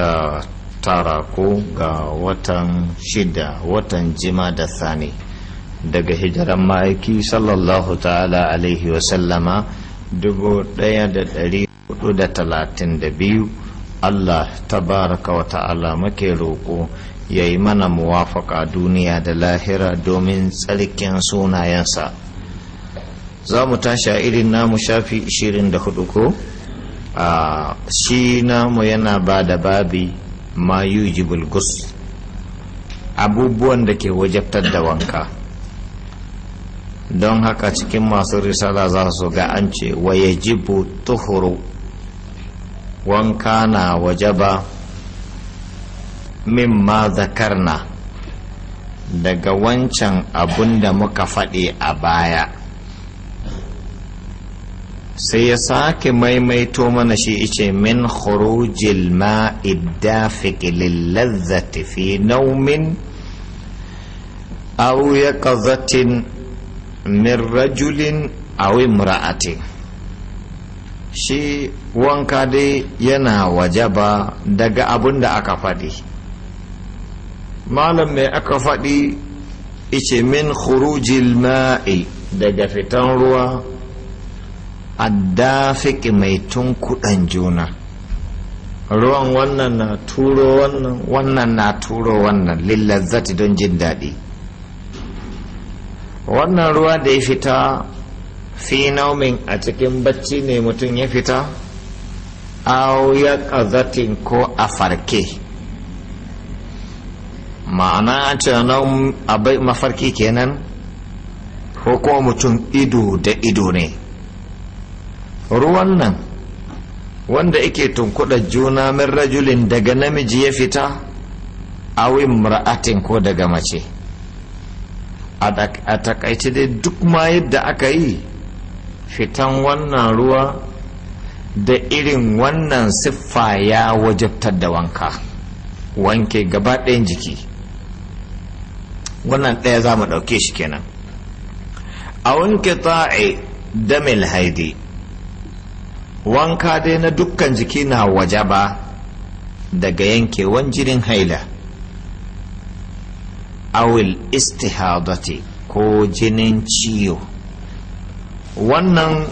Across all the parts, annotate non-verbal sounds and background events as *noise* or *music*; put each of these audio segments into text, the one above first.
sha tara ko ga watan shida watan jima da sani daga hijiran ma'aiki sallallahu ta'ala alaihi wasallama dubu daya da dari hudu da talatin da biyu allah ta baraka wa ta'ala muke roƙo ya yi mana muwafaka duniya da lahira domin tsarkin sunayensa za mu tashi a irin namu shafi 24 ko? a shi namu yana ba da babi ma yujibul gus abubuwan da ke wajabtar da wanka don haka cikin masu risala za su ga an ce wayajibu tuhuru wanka na wajaba mimma na daga wancan abun da muka faɗi a baya sai ya sake maimaito mana shi ice min khurujil ma'i dafiq lil fi naumin aw yaqazatin min rajulin aw imra'atin shi wanka dai yana waje ba daga abun da aka faɗi malam mai aka faɗi ice min khurujil ma'i daga fitan ruwa addafiki mai tunkuɗan juna ruwan wannan na turo wannan wannan na turo wannan lillazzati don jin daɗi wannan ruwa da ya fita fi naumin a cikin bacci ne mutum ya fita aw ya ƙazatin ko a farke ma'ana ce mafarki kenan ko kuma mutum ido da ido ne ruwan nan wanda yake tunkuɗa juna min rajulin daga namiji ya fita awin mura'atin ko daga mace a takaice dai duk ma yadda aka yi fitan wannan ruwa da irin wannan siffa ya wajabtar da wanka wanke gaba ɗayan jiki wannan ɗaya za mu ɗauke shi kenan a wanke da damil haidi wanka dai na dukkan jiki na waje ba daga yankewan jirin haila awil istihadati ko jinin ciwo wannan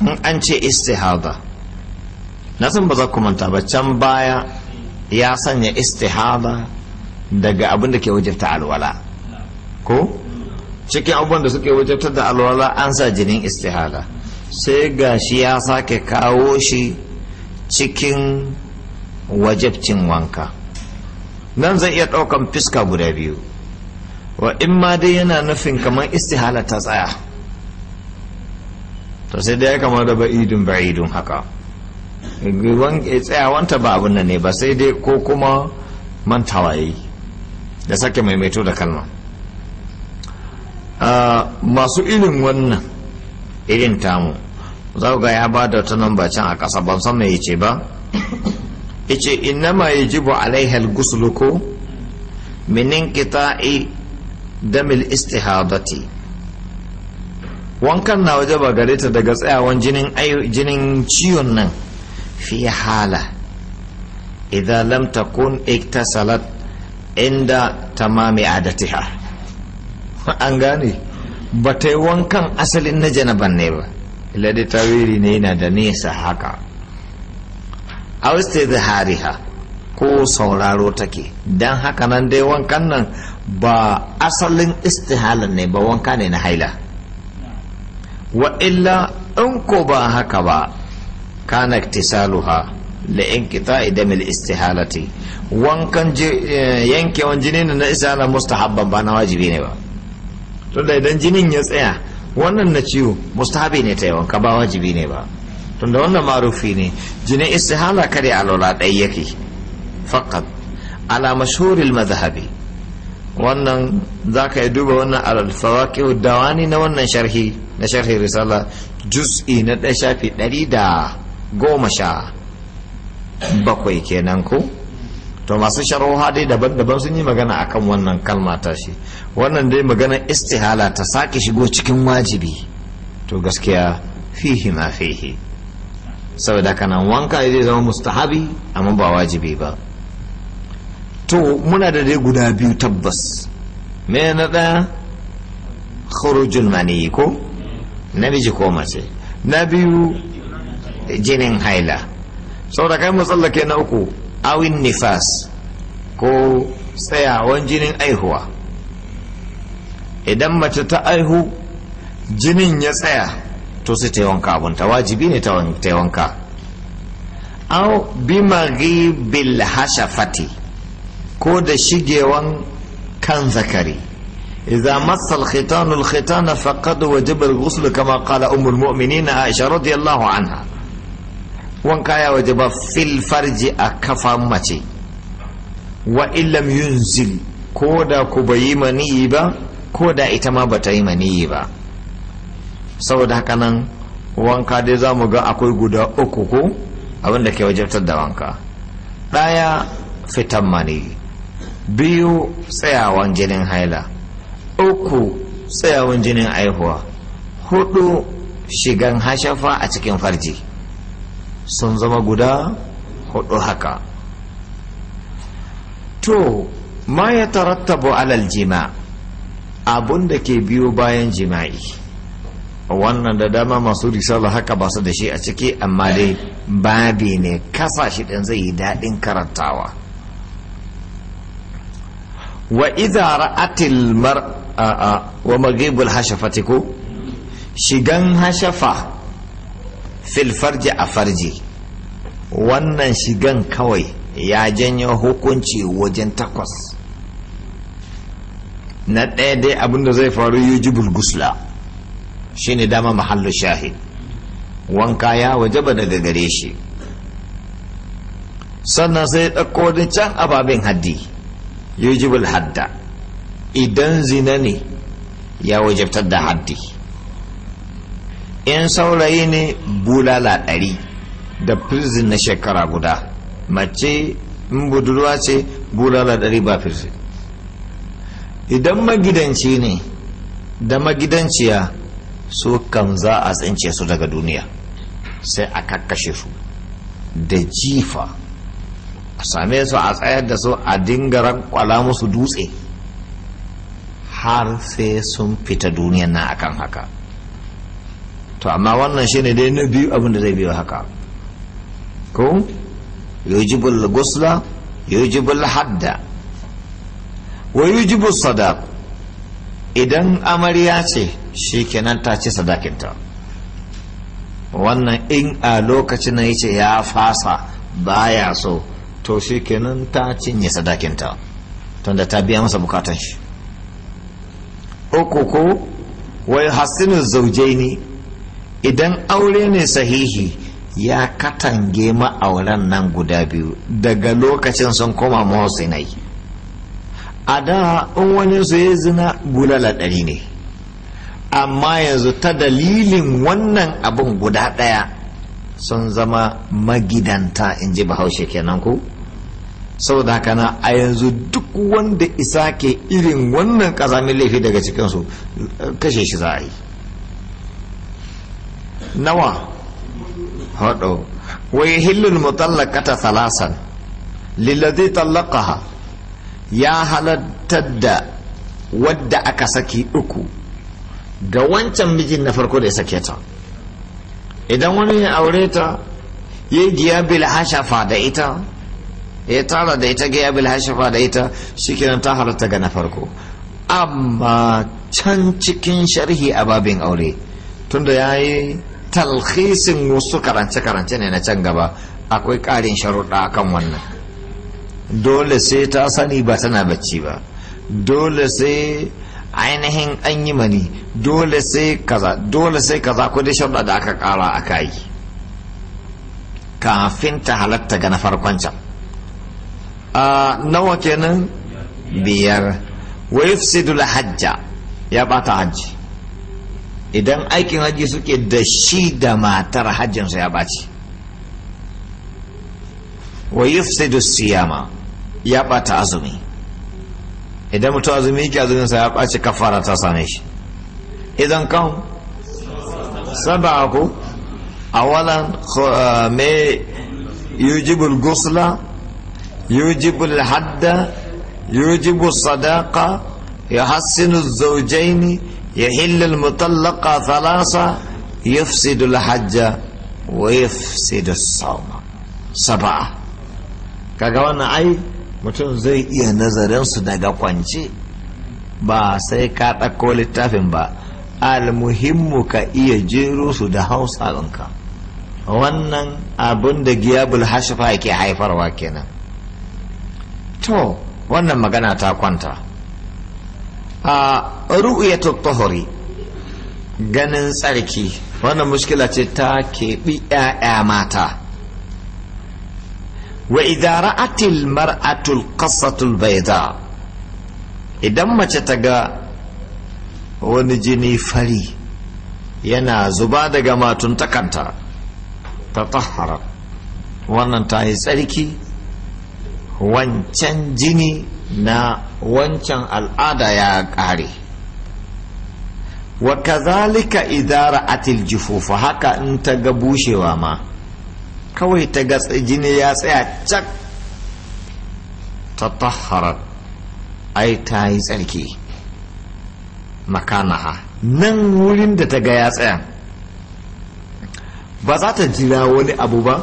in an ce istihada na san ba za ku manta ba can baya ya sanya istihada daga abin da ke wajabta alwala ko cikin abubuwan da suke wajabta da alwala an sa jinin istihada sai ga shi ya sake kawo shi cikin wajabcin wanka nan zai iya ɗaukan fiska guda biyu wa in ma dai yana nufin kamar istihala ta tsaya to sai dai ya kamar da ba'idun ba'idun haka tsayawanta ba abin nan ne ba sai dai ko kuma mantawa yi da sake maimaito da kalma ah, masu irin wannan irin tamu za ga ya ba da tunan bacin a ƙasa ban san mai ce ba ice innama ya jibo alaihal gusuluko minin kita'i damil istihadati wankan na waje ba gare ta daga tsayawan jinin ciwon nan fi hala idan lam takun iktasalat inda tamami adatiha *laughs* an gane ba ta yi wankan asalin na janaban ne ba ta wiri ne yana da nesa haka a wasu hariha ko sauraro take don haka nan dai wankan nan ba asalin istihalan ne ba wanka ne na haila wa illa in ko ba haka ba kana tisaluha la in kita idamil istihalati wankan eh, yankewan jini na na mustahabban ba na wajibi ne ba tunda idan jinin ya tsaya wannan na ciwo mustahabi ne ta yi wanka ba wajibi ne ba tunda wannan marufi ne jinin istihala kare alola ɗai yake faqat ala mashhuril mazhabi wannan za ka yi duba wannan hudawa dawani na wannan sharhi na sharhi risala juz'i na ɗaya shafi ɗari da goma sha bakwai kenan ko to masu sharuwa dai daban-daban sun yi magana akan wannan kalma ta shi wannan dai magana istihala ta sake shigo cikin wajibi to gaskiya fihi ma fihi saboda kana wanka zai zama mustahabi amma ba wajibi ba to muna da dai guda biyu tabbas me na ɗaya khurujul mani ko namiji ko mace na biyu jinin haila saboda kai ke na uku awin nifas ko tsayawan jinin aihuwa idan mace ta aihu jinin ya tsaya to sai ta abunta wajibi ne ta an aw bimari bil hashafati ko da shigewan kan zakari إذا مس الختان الختان فقد وجب الغسل كما قال أم المؤمنين عائشة رضي الله عنها wanka ya waje ba fil farji a kafa mace wa illam yunzil ko da ku bayi maniyi ba ko da ita ma bata yi maniyi ba saboda haka nan wanka dai za mu ga akwai guda uku ko abinda ke wajabtar da wanka ɗaya fitan maniyi biyu tsayawan jinin haila uku tsayawan jinin aihuwa hudu shigan hashafa a cikin farji sun zama guda hudu haka to ma ya tarattabu alal jima abun da ke biyo bayan jima'i wannan da dama masu risala haka ba su da shi a ciki amma dai babi ne kasa ɗin zai yi daɗin karantawa wa iza ra'atil mar'a wa magibul hashafati ko shigan hashafa fil farji a farji wannan shigan kawai ya janyo hukunci wajen takwas na ɗaya dai abinda zai faru jibul gusla shi ne dama mahallu shahid wanka ya waje ba daga gare shi sannan sai ɗauko da can ababen haddi jibul hadda idan zina ne ya wajabtar da haddi in saurayi ne bulala ɗari da prison na shekara guda mace in budurwa ce bulala ɗari ba prison idan magidanci ne da magidanciya su kan za a tsince su daga duniya sai a kakkashe su da jifa a same su a tsayar da su a dingaran kwala musu dutse har sai sun fita duniyan nan akan haka to amma wannan shine dai na biyu abin da zai biyo haka ko yujibul gusla yujibul hadda wa yujibul sadaq idan amarya ce shikenan ta ci sadakinta wannan in a lokacin na yace ya fasa baya so to shikenan ta cinye sadakinta tunda ta biya masa bukatan shi uku ko wai hasinu zaujaini idan aure ne sahihi ya katange ma'auran nan guda biyu daga lokacin sun koma mahusinai a da in wani su ya zina bulala ɗari ne amma yanzu ta dalilin wannan abin guda ɗaya sun zama magidanta in ji bahaushe kenan ku da haka na a yanzu duk wanda isa ke irin wannan ƙazamin laifi daga cikinsu kashe shi za a yi nawa hudu wa yahillul ta salasan lillazi tallakaha ya halattar da wadda aka saki uku ga wancan mijin na farko da ya sake ta idan wani ya aure ta ya yi giyabil hashafa da ita ya tara da ita giyabil hashafa da ita shikenan ta halatta ga na farko amma can cikin sharhi a babin aure tunda ya yi talhisin wasu karance-karance ne na can gaba akwai ƙarin sharuɗa kan wannan dole sai ta sani ba tana bacci ba dole sai ainihin an yi mani dole sai kaza dole sai kaza ko dai sharuɗa da aka ƙara aka yi kafin ta halatta ga na farkon can a nawa kenan biyar wa yufsidu hajja ya bata hajji idan aikin haji suke da shi da matar hajjinsa ya baci wa yufsidu siyama ya bata azumi idan mutum azumi yake azuminsa ya baci kafara ta same shi idan kan saba ku awalan eh, me yujibul gusla yujibul hadda yujibul sadaka ya hassinu zaujaini يحل المطلقة ثلاثة يفسد الحج ويفسد الصوم سبعة kaga wannan ai mutum zai iya nazarin su daga kwance ba sai ka ɗauko littafin ba almuhimmu ka iya jero su da hausa wannan abin da giyabul hashifa ke haifarwa kenan to wannan magana ta kwanta a ru'yatul tahuri ganin tsarki wannan mushkila ce ta keɓi ‘ya'ya mata wa idara idara'atil mar'atul bai baida idan mace ta ga wani jini fari yana zuba daga matun takanta ta tahara wannan ta yi tsarki wancan jini na wancan al'ada ya ƙare wa kazalika idara atil fa haka in ta ga bushewa ma kawai ta ga jini ya tsaya cak ta taharar ai ta yi tsarki makanaha nan wurin da ta ga ya tsaya ba za ta jira wani abu ba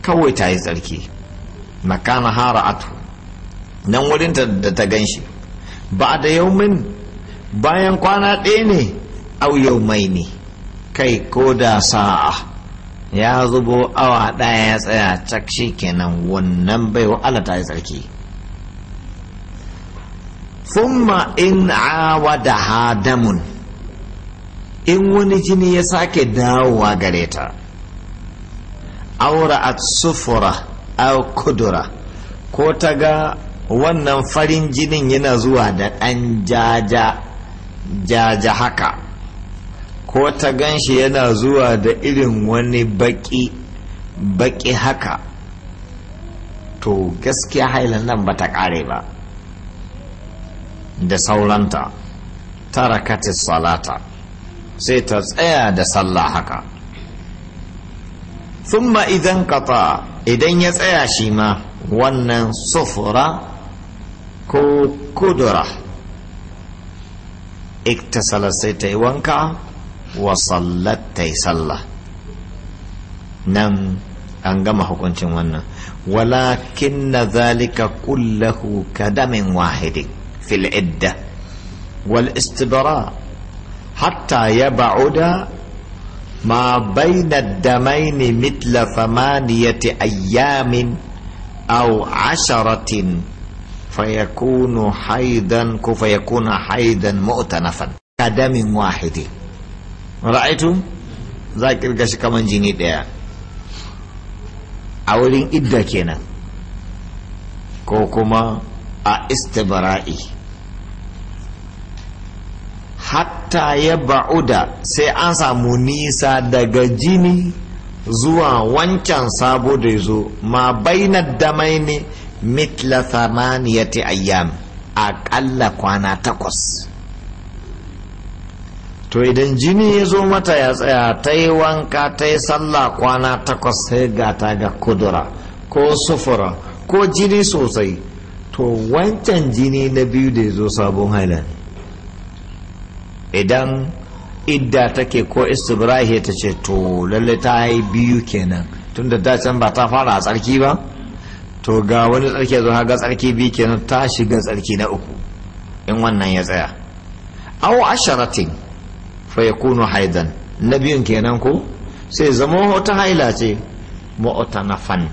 kawai ta yi tsarki makana hara'atu nan wurin da ta gan shi ba da yaumin bayan kwana ɗaya ne au mai ne kai ko da sa'a ya zubo awa ɗaya ya tsaya cak shi kenan wannan bai wa Allah ta yi tsarki fumma in da hadamun in wani jini ya sake dawowa gare ta aura at sufura al kudura ko ta ga wannan farin jinin yana zuwa da ɗan jaja jaja haka ko ta gan shi yana zuwa da irin wani baki baki haka to gaskiya hailan nan ba ta ƙare ba da sauranta tarakatis salata sai ta tsaya da sallah haka ثم إذا انقطع إذن يتعي شيما ون صفرة كو كدرة اكتسل سيتي وانكا وصلتي صلى نم أنقم حكم ونن ولكن ذلك كله كدم واحد في العدة والاستبراء حتى يبعد ما بين الدمين مثل ثمانية أيام أو عشرة فيكون حيدا فيكون حيدا مؤتنفا كدم واحد رأيتم ذاك القش كمان جيني ديا أولين إدا كينا كوكما أستبرائي hatta ya da sai an samu nisa daga jini zuwa wancan sabo da zo ma bainar damai ne mitla samaniyati ayyam aƙalla kwana takwas to idan jini ya zo mata ya tsaya ta yi wanka ta yi sallah kwana takwas sai gata ga kudura ko sufura ko jini sosai to wancan jini na biyu da ya zo sabon hailani idan idda take ko istibrahi ta ce to lalle ta yi biyu kenan tunda da can ba ta fara a tsarki ba to ga wani tsarki zo ga tsarki biyu kenan ta shiga tsarki na uku in wannan ya tsaya aw asharatin fa yakunu haidan na biyun kenan ko sai zama wata haila ce mu'tanafan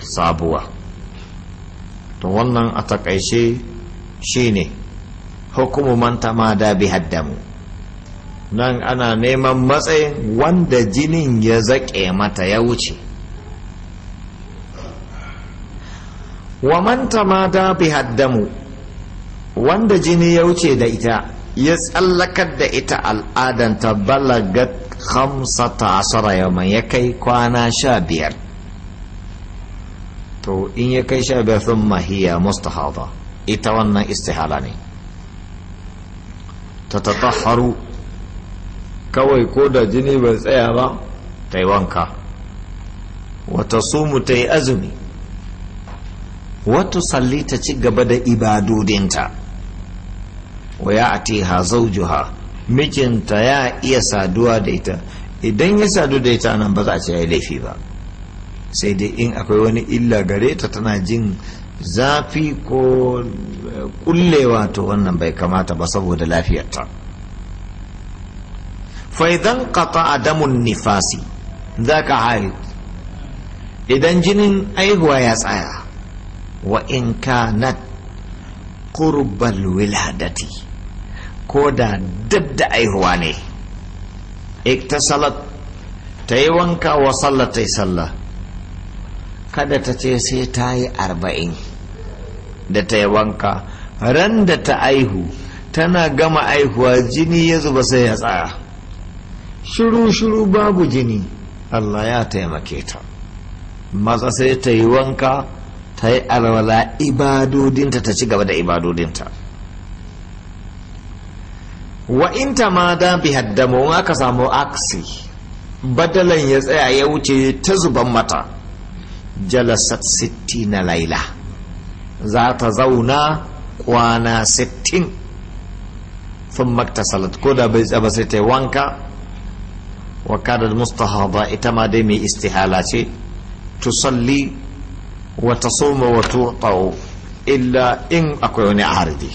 sabuwa to wannan a takaice shine hukumu man tamada bi haddamu nan ana neman matsayin wanda jinin ya zaƙe mata ya wuce wa manta mata bi haddamu wanda jini ya wuce da ita ya tsallakar da ita al'adanta balagat hamsata asara yamma ya kai kwana sha biyar to in ya kai sha biyar sun mahiya mustahaba ita wannan istihala ne ta tattaharu kawai ko da jini bai tsaya ba ta yi wanka wata sumu ta yi azumi wata salli ta ci gaba da ibadodinta wa ya atiha zaujuha mijinta ya iya saduwa da ita idan ya sadu da ita nan ba za a ce ya laifi ba sai dai in akwai wani illa gare ta tana jin zafi ko kullewa eh, to wannan bai kamata ba saboda lafiyarta faidan kata adamun nifasi zaka haid idan jinin aihuwa ya tsaya wa in na kurbal wiladati ko da dadda da aihuwa ne iktasalat ta yi wanka wa sallata yi sallah kada ta ce sai ta yi arba'in da ta yi wanka ran da ta aihu tana gama aihuwa jini ya zuba sai ya tsaya shiru-shiru babu jini Allah ya taimake ta maza sai ta yi wanka ta yi alwala ibadodinta ta ci gaba da ibadodinta wa in ta ma da bi haddamu aka samu aksi badalan ya tsaya ya wuce ta zuban mata jalasat sitti na laila za ta zauna kwana sittin sun makta salat ko da bai tsaba sai ta yi wanka وكان المستهضة إتما دمي استهالاتي تصلي وتصوم وتوطأ إلا إن أكون يعني عارضي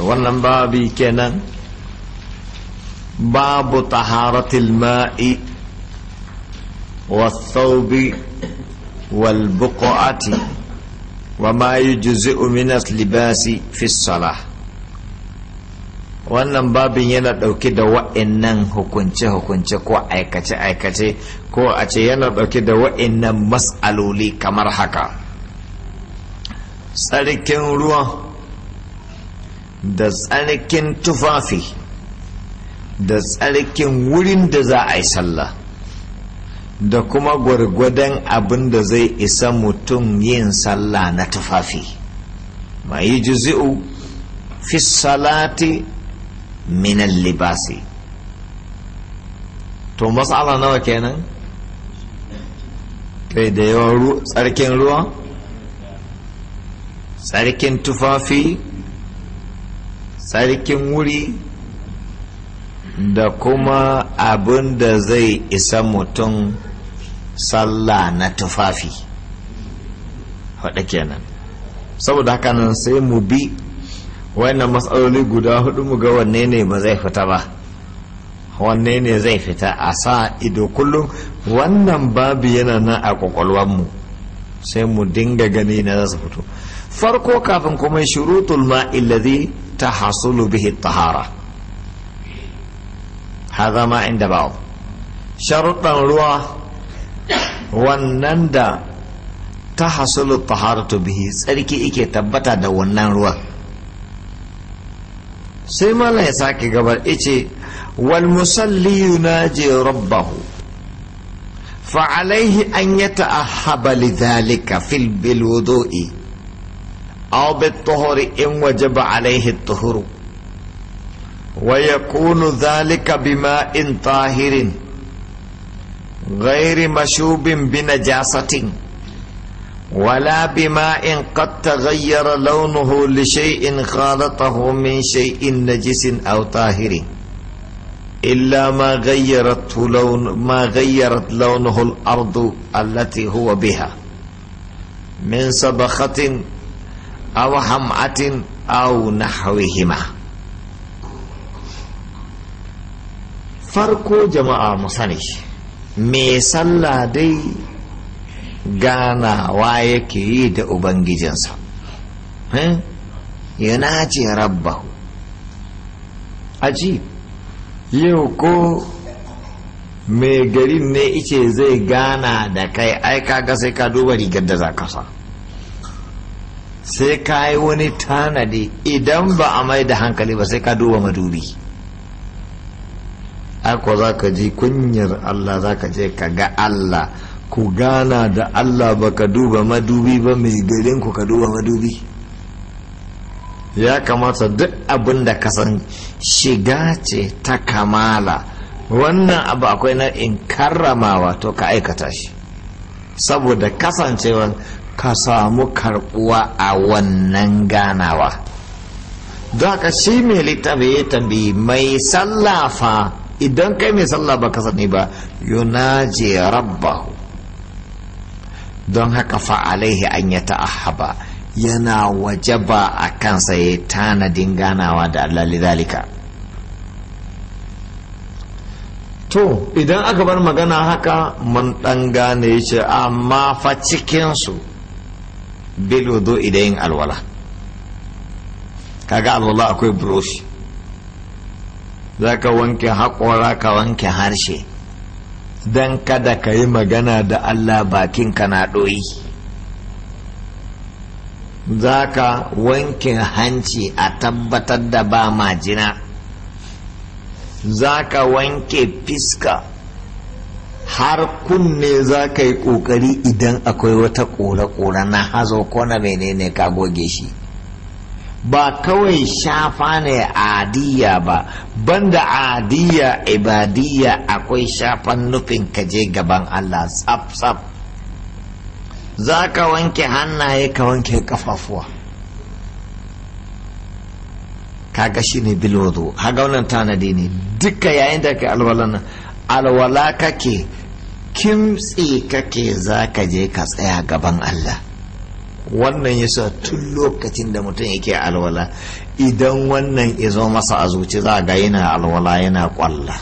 wannan بابي كان باب طهارة الماء والثوب والبقعة وما يجزئ من اللباس في الصلاه wannan babin yana ɗauki da wa'annan hukunce-hukunce ko aikace-aikace ko a ce yana ɗauki da wa'annan matsaloli kamar haka tsarkin ruwa da tsarkin tufafi da tsarkin wurin da za a yi sallah da kuma gwargwadon abin da zai isa mutum yin sallah na tufafi mai yi fi salati minan libasi to matsala nawa kenan kai da yawan tsarkin ruwa tsarkin tufafi tsarkin wuri da kuma abin da zai isa mutum sallah na tufafi haɗa kenan saboda haka nan sai mu bi wannan matsaloli guda hudu mu ga wanne ne ba zai fita ba wanne ne zai fita a sa ido kullum wannan babu yana nan a kwakwalwanmu sai mu dinga gani na za su fito farko kafin kuma shurutul illazi ta hasulu bihi tahara hadha ma inda ba sharuɗan ruwa wannan da ta hasulu taharatu bihi tsarki ike tabbata da wannan ruwan sai mala ya sake gabar ice wal musalli yunaji rabbahu fa alaihi an yata'ahhaba lidhalika fil bil wudu'i aw bit tuhuri in wajaba alaihi tuhuru ويكون ذلك بماء طاهر غير مشوب بنجاسة ولا بماء قد تغير لونه لشيء خالطه من شيء نجس أو طاهر إلا ما غيرته لون ما غيرت لونه الأرض التي هو بها من صبخة أو حمعة أو نحوهما فرقوا جماعة mu مي صلى دي ganawa yake yi da ubangijinsa eh? yana ce Rabba. aji yau ko mai garin ne ice zai gana da kai ai kaga sai ka duba rigar da za ka sa sai ka yi wani tanadi idan ba a mai da hankali ba sai ka duba madubi ako za ka ji kunyar allah za ka je ka ga allah ku gana da Allah ba ka duba madubi ba mai garin ku ka duba madubi ya kamata duk abin da ka san shiga ce ta kamala wannan abu akwai na in karramawa to ka aikata shi saboda kasancewa ka samu karbuwa a wannan ganawa don haka shi mai littafi ya tambayi mai sallafa idan kai mai sallah ba ka sani ba yunaje rabbahu don haka fa'alaihi an ya ta'ahaba yana waje ba a kansa ya tanadin ganawa da Allah to idan aka bar magana haka mun ɗan gane ce amma fa cikinsu bilodo idan yin alwala kaga alwala akwai buroshi za ka wanke haƙora ka wanke harshe don kada ka yi magana da Allah bakin ka na ɗoyi za ka wanke hanci a tabbatar da ba majina za ka wanke fiska har kunne za ka yi ƙoƙari idan akwai wata ƙore-ƙore na hazo ko na menene ka goge shi ba kawai shafa ne adiya ba banda adiya ibadiya akwai shafan nufin kaje gaban Allah tsaf tsaf za ka wanke hannaye ka wanke kafafuwa kaga shi ne bilwado haga wannan tanadi ne duka yayin da ka alwala nan alwala kake kimtse kake za ka je ka tsaya gaban Allah wannan ya sa tun lokacin da mutum yake alwala idan wannan ya zo masa a zuci za ga yana alwala yana kwalla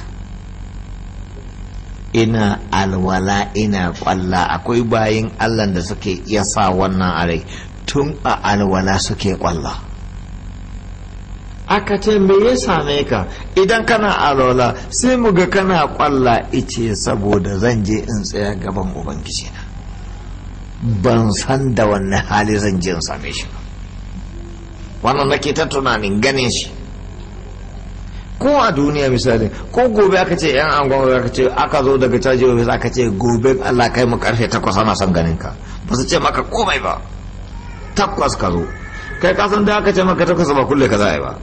ina alwala ina kwalla akwai bayin allah da suke iya sa wannan a rai tun a alwala suke kwalla aka ce me ya same ka idan kana alwala sai mu ga kana kwalla ice saboda zan je in tsaya gaban ubangiji na ban san da wannan hali zan je in same shi wannan nake ta tunanin ganin shi ko a duniya misali ko gobe aka ce yan angon aka ce aka zo daga caji ofis aka ce gobe Allah kai mu karfe takwas ana son ganin ka ba su ce maka komai ba takwas ka zo kai ka san da aka ce maka takwas ba kulle ka za yi ba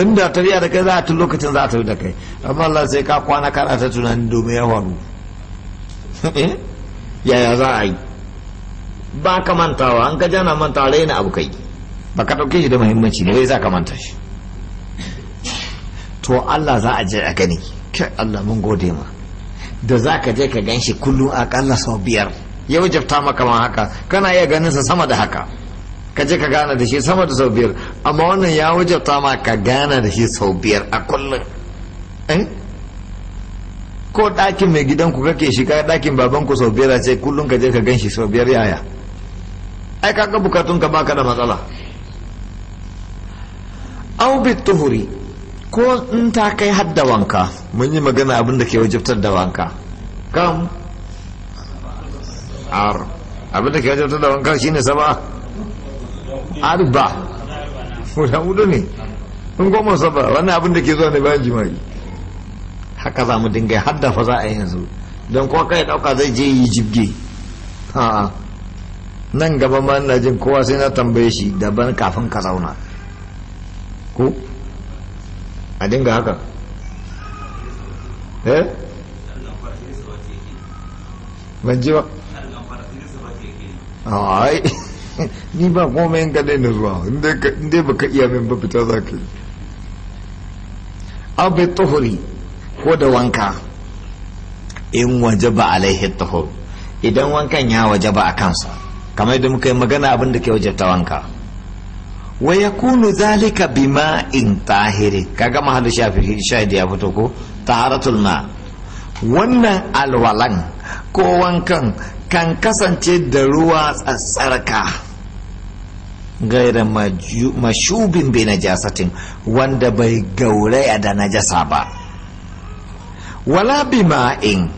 inda riya da kai za a tun lokacin za a tafi da kai amma Allah sai ka kwana kana ta tunanin domin ya faru *laughs* eh? yaya za a yi ba ka mantawa an ka jana manta raina abu kai ba ka ɗauke shi da muhimmanci ne za ka manta shi to Allah za a je a gani kai Allah mun gode ma da za ka je ka gan shi kullum ƙalla sau biyar ya wajabta maka ma haka kana iya ganin sa sama da haka ka je ka gana da shi sama da sau biyar amma wannan ya wajabta ma ka gana da shi sau biyar a kullum eh? ko ɗakin mai gidanku kake shiga ɗakin babanku sau biyar a ce kullum ka je ka gan shi sau biyar yaya ai kaga bukatun ka baka da matsala au tuhuri ko in ta kai hadda wanka mun yi magana abin da ke wajibtar da wanka kam ar abin da ke wajibtar da wanka shine saba arba guda hudu ne in goma saba wannan abin da ke zuwa ne bayan jima'i haka za mu dinga hadda fa za a yanzu don kuwa kai dauka zai je yi jibge a'a nan gaba ma ina jin kowa sai na tambaye shi daban kafin ka zauna ko a dinga haka eh ban ji ba ai *laughs* ni ba komai in ka daina zuwa inda ka iya min ba fita za ka yi abu tuhuri ko da wanka in waje ba alaihi tuhur idan wankan ya waje ba a kansa kamar yadda muka yi magana abin da ke wajen tawanka wa kunu zalika bima in tahiri kaga mahallu shafi shahidi ya fito ko taharatul ma wannan alwalan ko wankan kan kasance da ruwa tsatsarka gaira mashubin bai najasatin wanda bai gauraya da najasa ba wala in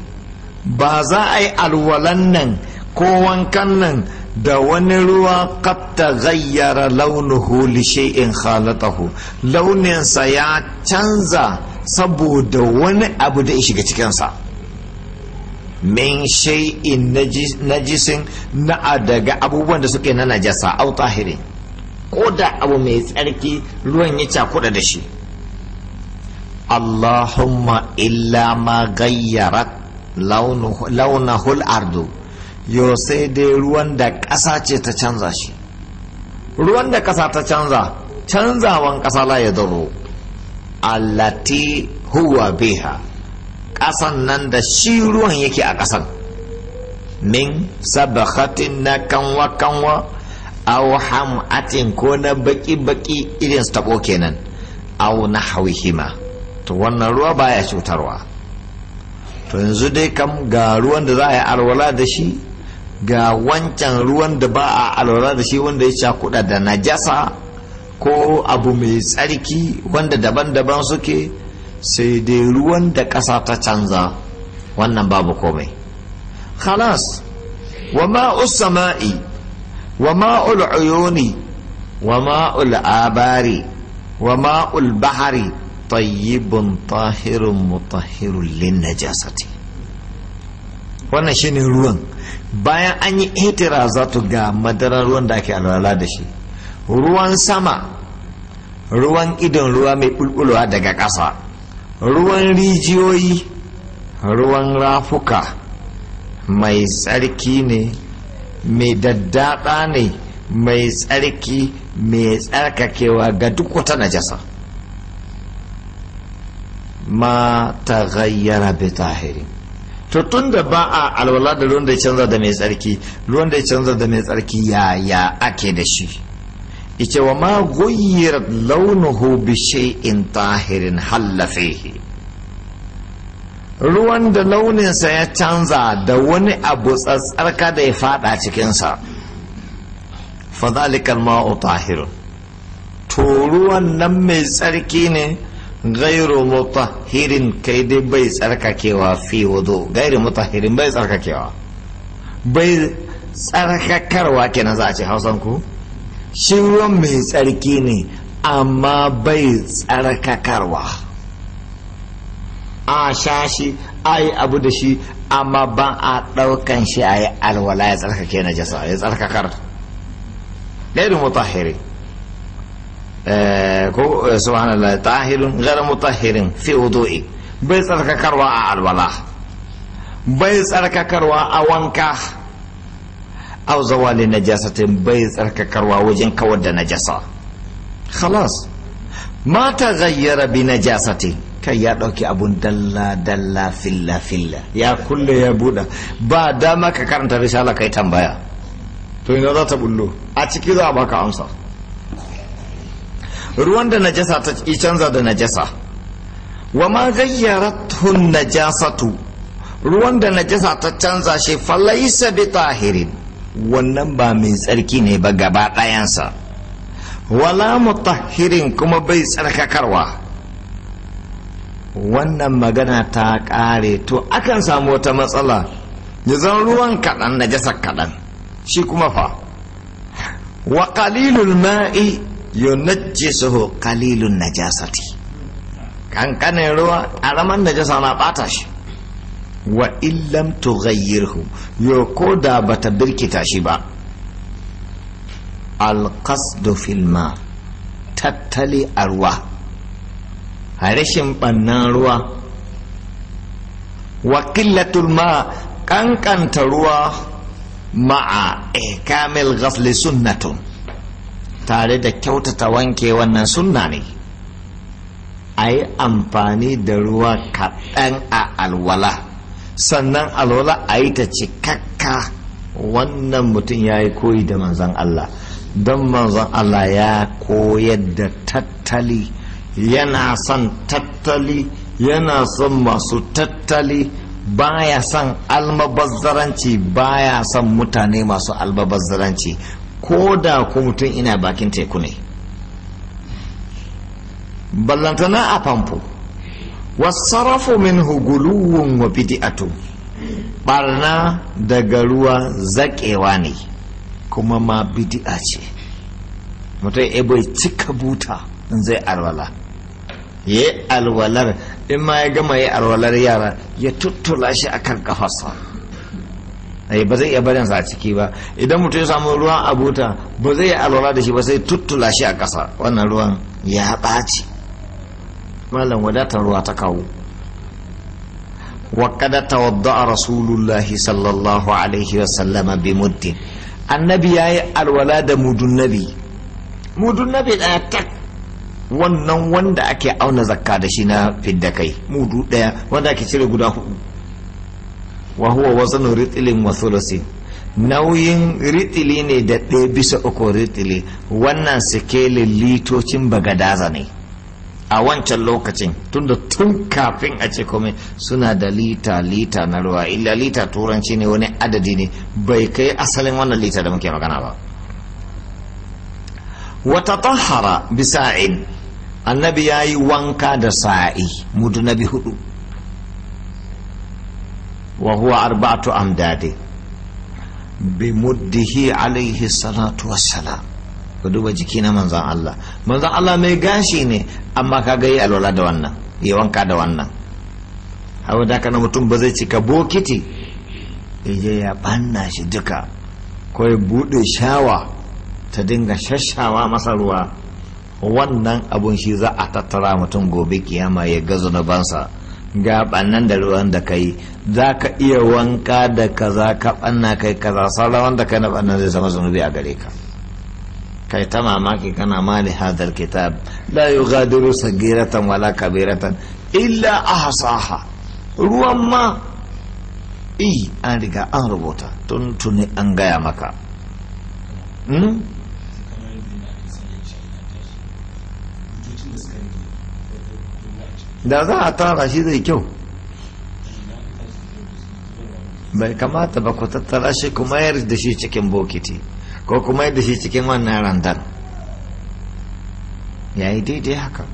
ba za a yi alwalan nan ko wankan nan da wani ruwa katta gayyara launuhu li shay'in khalatahu launinsa ya canza saboda wani abu da ya shiga cikinsa min shay'in najisin na daga abubuwan da suke na najasa au tahiri ko da abu mai tsarki ruwan ya cakuda da shi allahumma illa ma gayyara launahul ardu yau sai dai ruwan da ƙasa ce ta canza shi ruwan da ƙasa ta canza canzawan ƙasa la ya daro allati huwa biha ƙasan nan da shi ruwan yake a ƙasan min sabakatin na kanwa kanwa aw ham'atin ko na baki baki irin su tabo kenan aw nahwihima to wannan ruwa baya cutarwa to yanzu dai kam ga ruwan da za a yi alwala da shi ga wancan ruwan da ba a alwala da shi wanda ya cakuɗa da najasa ko abu mai tsarki wanda daban-daban suke sai dai ruwan da ƙasa ta canza wannan babu komai khalas wa ma'us sama'i wa ma'ul uyuni wa ma'ul abari wa ma'ul bahari tayyibun tahirun mutahirun lin najasati wannan shine ruwan bayan an yi itirazatu ga madarar ruwan da ake alwala da shi ruwan sama ruwan idon ruwa mai bulbulwa daga ƙasa ruwan rijiyoyi ruwan rafuka mai tsarki ne mai daddaɗa ne mai tsarki mai tsarkakewa ga duk wata najasa ma ta gayyara bi tahirin to tun da ba a alwala da ruwan da ya canza da mai tsarki ruwan da ya canza da mai tsarki ya ya ake da shi ice wa ma ghayyira launuhu bi shay'in tahirin halla ruwan da launinsa ya canza da wani abu tsarka da ya fada cikinsa fadhalikal ma'u tahirun to ruwan nan mai tsarki ne gairu mutahhirin kai dai bai tsarkakewa fi wudu gairu mutahhirin bai tsarkakewa bai tsarkakarwa kenan za a ce hausan ku shi ruwan mai tsarki ne amma bai tsarkakarwa a sha shi a yi abu da shi amma ba a ɗaukan shi a yi alwala ya tsarkake na jasa ya tsarkakar gairu mutahhirin Eh, ko eh, subhanallah tahirun ghar mutahhirin fi wudu'i bai tsarkakarwa a alwala bai tsarkakarwa a wanka aw zawali najasatin bai tsarkakarwa wajen kawar da najasa khalas ma taghayyara bi najasati kai ya dauki abun dalla dalla filla filla ya kulle ya buda ba dama ka karanta risala kai tambaya to ina za ta bullo a ciki za a baka amsa ruwan da najasa ta canza da najasa wa ma gayyaratun najasatu ruwan da najasa ta canza shi falaisa bi tahirin wannan ba mai tsarki ne ba gaba ɗayansa wala mutahhirin kuma bai tsarkakarwa wannan magana ta ƙare to akan samu wata matsala ya zan ruwan kaɗan najasa kaɗan shi kuma fa wa qalilul ma'i yunajjisuhu qalilun najasati kankanin ruwa ƙaramin najasa na ɓata shi wa illam tughayyirhu yo ko da bata birkita shi ba alqasdu fil ma tattali a ruwa rashin bannan ruwa wa qillatul ma kankanta ruwa ma'a ikamil ghasli sunnatun tare da kyautata wanke wannan sunna ne a yi amfani da ruwa kaɗan a alwala sannan alwala a yi ta cikakka wannan mutum ya yi koyi da manzan Allah don manzan Allah ya koyar da tattali yana son tattali yana son masu tattali baya son almabazzaranci baya son mutane masu almabazzaranci ko da ko mutum ina bakin teku ne ballantana a famfo wasarafu min guluwun wa bid'atu barna daga ruwa zaƙewa ne kuma ma bidi'a ce mutum ya bai cika buta in zai alwala ya yi alwalar in ma ya gama ya alwalar yara ya tuttula shi akan kafasa Eh, ba zai iya barin sa a ciki ba idan mutum ya samu ruwan abuta ba zai alwala da shi ba sai tuttula shi a ƙasa wannan ruwan ya ɓaci malam wadatar ruwa ta kawo وقد sallallahu رسول الله صلى الله عليه وسلم بمد النبي يا الولاد مد النبي مد النبي تك wannan wanda ake auna zakka da shi na fidda kai mudu daya wanda ake cire guda hudu wa huwa wazanu ritilin nauyin ritili ne da ɗaya bisa uku ritili wannan sikelin litocin bagadaza ne a wancan lokacin tunda tun kafin a ce komai suna da lita lita na ruwa illa lita turanci ne wani adadi ne bai kai asalin wannan lita da muke magana ba wata tahara bisa'in annabi ya yi wanka da sa'i mudu na bi hudu wa huwa arba'atu amdadi bi muddihi alaihi salatu wassalam ka duba jiki na manzan Allah manzan Allah mai gashi ne amma ka ga yi alwala da wannan yi wanka da wannan hawa da kana mutum ba zai cika bokiti je ya banna shi duka ko ya bude shawa ta dinga shashawa masa ruwa wannan abun shi za a tattara mutum gobe kiyama ya gazu na bansa ga bannan da ruwan da kai za ka iya wanka da kaza ka banna kai kaza sauran da kai na bannan zai zama zunubi a gare ka kai ta mamaki kana mali hadal kitab la yughadiru sagiratan wala kabiratan illa hasaha ruwan ma i an riga an rubuta tun tuni an gaya maka hmm? da za a tara shi zai kyau bai kamata ba ku tattara shi kuma yar da shi cikin bokiti ko kuma yar da shi cikin wannan randan ya yi daidai haka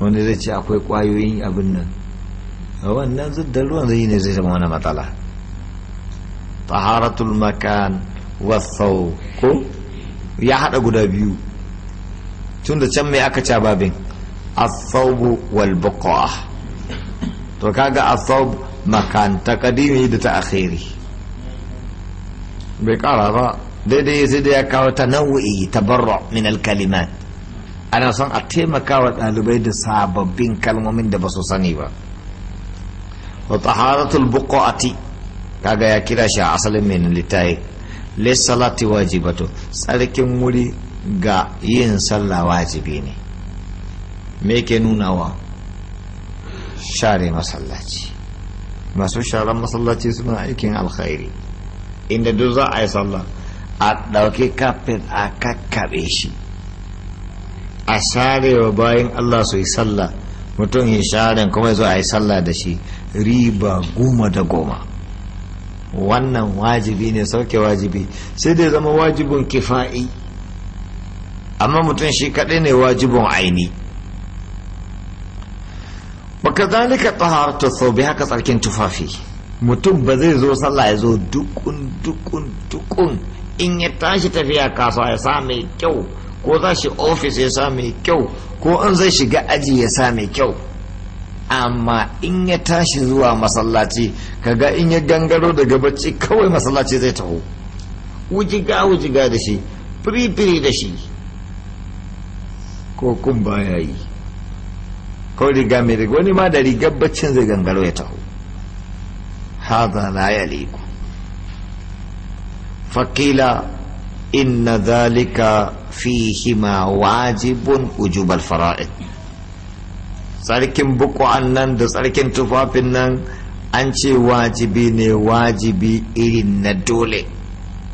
wani zai ce akwai kwayoyin abin nan a wannan zudda ruwan zai ne zai zama wani matsala taharatul makan wasau ko ya hada guda biyu tun da can mai aka ca babin athaubu walbukwa to kaga athaub makan takadimi da ta akhiri bai kara ba daidai sai da ya kawo ta nau'i ta barra min alkalimat ana son a taimakawa wa dalibai da sababbin kalmomin da ba su sani ba wa taharatul buqati kaga ya kira shi a asalin mai litaye lissalati wajibatu tsarkin wuri ga yin sallah wajibi ne me ke nunawa share masallaci masu sharan masallaci suna aikin alkhairi inda duk za a yi sallah a ɗauki kafin a kakkaɓe shi a share wa bayan allah su yi sallah mutum ya share kuma ya a yi sallah da shi riba goma da goma wannan wajibi ne sauke wajibi sai dai zama wajibin kifa'i amma mutum shi kaɗai ne wajibin aini wa kazalika taharatu thawbi haka tsarkin tufafi mutum ba zai zo sallah ya zo dukun dukun dukun in ya tashi tafiya kasuwa ya sa mai kyau ko za shi ofis ya sa mai kyau ko an zai shiga aji ya sa mai kyau amma in ya tashi zuwa masallaci kaga in ya gangaro daga bacci kawai masallaci zai taho wujiga wujiga da shi firifiri da shi ko kun baya yi ko riga mai riga wani ma da rigar baccin zai gangaro ya taho haza la ya liku fakila inna zalika fihima wajibun ujubal fara'id tsarkin buku'an nan da tsarkin tufafin nan an ce wajibi ne wajibi irin na dole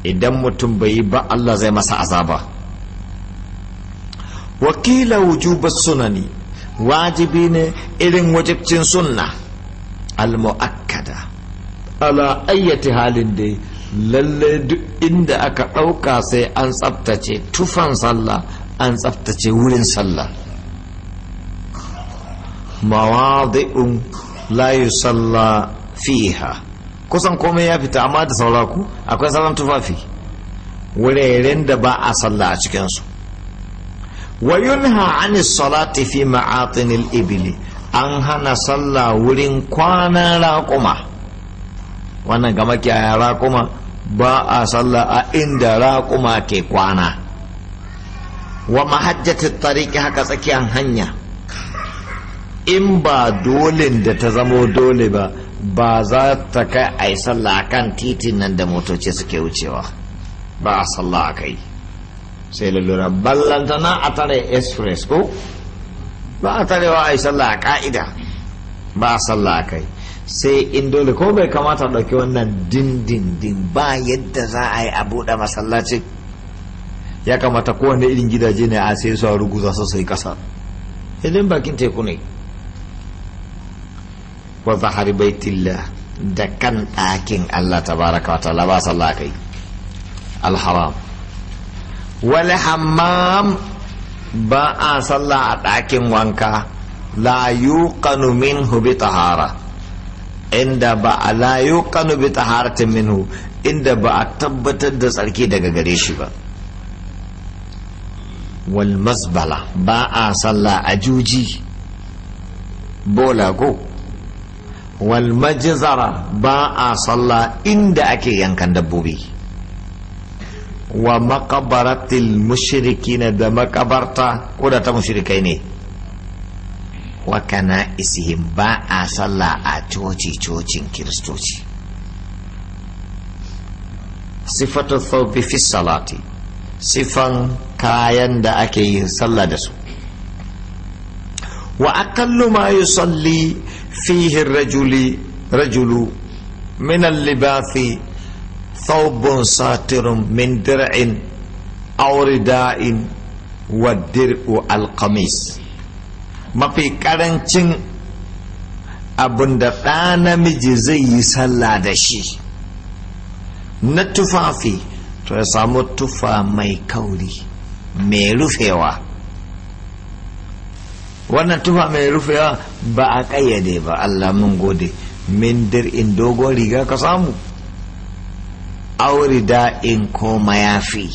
idan mutum bai yi ba Allah zai masa azaba wakila wujubar sunani wajibi ne irin wajibcin sunna al-mu'akkada ala ayyati halin dai lalle duk inda aka ɗauka sai an tsaftace tufan sallah an tsaftace wurin sallah mawadi'un la yusalla fiha kusan komai ya fita amma da sauraku akwai sallan tufafi wuraren da ba a sallah a cikinsu wa yunha anis salati ibili an hana sallah wurin kwanan raƙuma wannan ga makiyaya raƙuma ba a sallah a inda raƙuma ke kwana wa mahajjati tariki haka tsakiyar hanya in ba dolin da ta zamo dole ba ba za ta kai a yi sallah kan titin nan da motoci suke wucewa ba a a kai sai ballanta na a tare express ko ba a tare a yi sallah a ka'ida ba a sallah a kai sai in dole ko bai kamata ɗauki wannan dindindin ba yadda za a yi a buɗe masallaci ya kamata kowane irin gidaje ne a sai su a ruguza su sai kasa idan bakin teku ne wa zahari da kan ɗakin allah tabaraka wa ta'ala ba sallah kai alharam wal hammam ba a sallah a ɗakin wanka la yuqanu kanumin hubi tahara inda ba a la yuqanu bi taharatin minhu inda ba a tabbatar da tsarki daga gare shi ba wal masbala ba a sallah a juji bola go wal majizara ba a sallah inda ake yankan dabbobi wa maqabaratil mushrikina da makabarta ko da ta mushrikai ne wa kana isihim ba a sallah a coci cocin kiristoci sifatu thawbi fi salati sifan kayan da ake yin sallah da su wa akallu ma yusalli fihi rajuli rajulu min al ثوب ساتر من درع أو رداء والدرء القميص mafi karancin abin da ɗa namiji zai yi sallah da shi na tufafi to ya samu tufa mai kauri mai rufewa wannan tufa mai rufewa ba a ƙayyade ba allah mun gode min dir'in dogon riga ka samu aurida in ko mayafi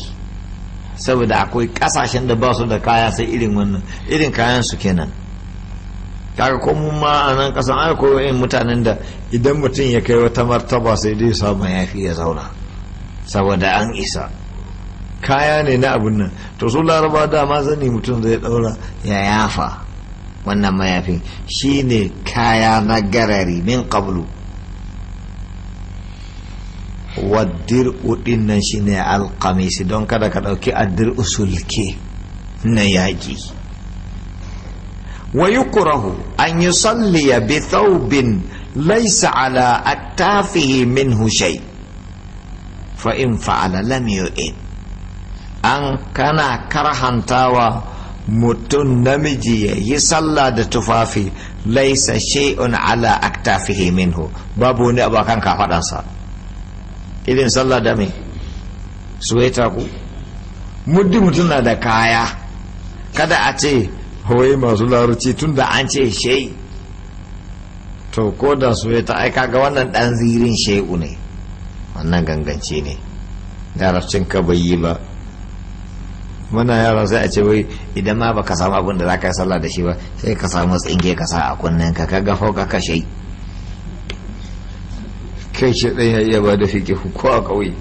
saboda akwai kasashen da ba su da kaya sai irin wannan irin kayan su kenan kaga ko mun ma a nan kasan ai ko yin mutanen da idan mutum ya kai wata martaba sai dai sa mayafi ya zauna saboda an isa kaya ne na abin nan to su laraba dama zani mutum zai daura ya yafa wannan mayafi shine kaya na garari min qablu waddir'u din nan ne alkamisi don kada ka ɗauki addir'u usulke na yaƙi wa yukrahu an yi yusalliya bi thawbin laisa ala attafihi min shay fa in fa'ala lam yu'in an kana karhantawa mutum namiji ya yi sallah da tufafi laisa shay'un ala min minhu babu wani abu kan irin sallah da mai suwaita ku muddin mutum na da kaya kada a ce hawaii masu larabci tun da an ce shai to ko da suwaita ai kaga wannan dan zirin shai'u ne wannan gangance ne larabcin ka bai yi ba muna yara sai a ce wai idan ma baka samu abin da za ka yi sallah da shi ba sai ka samu tsinge ka sa a kunnen ka ka gafo ka kashe. kai ce ɗan ya iya ba da fiƙe ko a ƙauye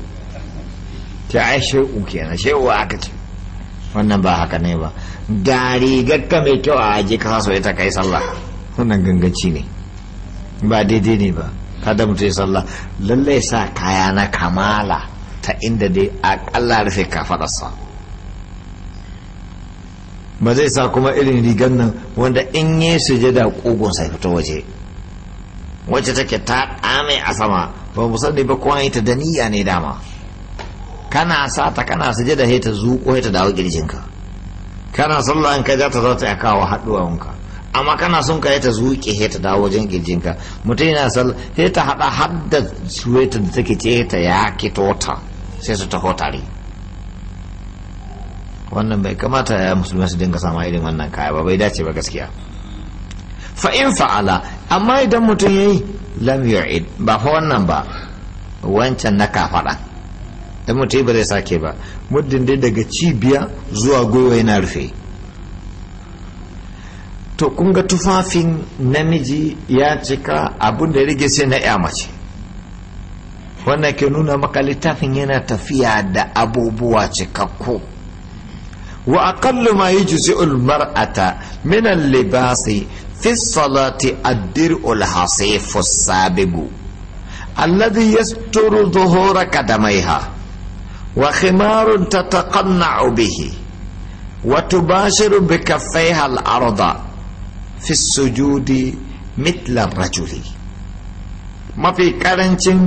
ta ai na shi wa aka ce wannan ba haka ne ba ga rigarka mai kyau a aje ka so ita kai sallah wannan ganganci ne ba daidai ne ba kada mutum ya sallah lallai sa kaya na kamala ta inda dai akalla rufe kafadarsa ba zai sa kuma irin rigar nan wanda in yi sujada kogon sai fito waje wacce take ta d'ame a sama ba mu sani ba kuma ita da niyya ne dama kana sa ta kana suje da ta zuƙo ta dawo girjinka kana sallah in ka ja ta za ta kawo haɗuwanka amma kana son ka ta zuƙe ta dawo wajen girjinka mutum yana sallah sai ta haɗa hadda suwaita da take ce ta ya kito sai su taho tare wannan bai kamata ya musulmai su dinga sama irin wannan kaya ba bai dace ba gaskiya fa in fa'ala amma idan mutum ya yi lam yu'id ba fa wannan ba wancan na kafaɗa idan mutum ba zai sake ba muddin dai daga cibiya zuwa gwiwa yana rufe to kun ga tufafin namiji ya cika abun da rage sai na ya mace wannan ke nuna maka littafin yana tafiya da abubuwa cikakku wa aqallu ma yujzi'u al-mar'ata min al-libasi في الصلاة الدرء الحصيف السابق الذي يستر ظهور قدميها وخمار تتقنع به وتباشر بكفيها الأرض في السجود مثل الرجل ما في كارنشن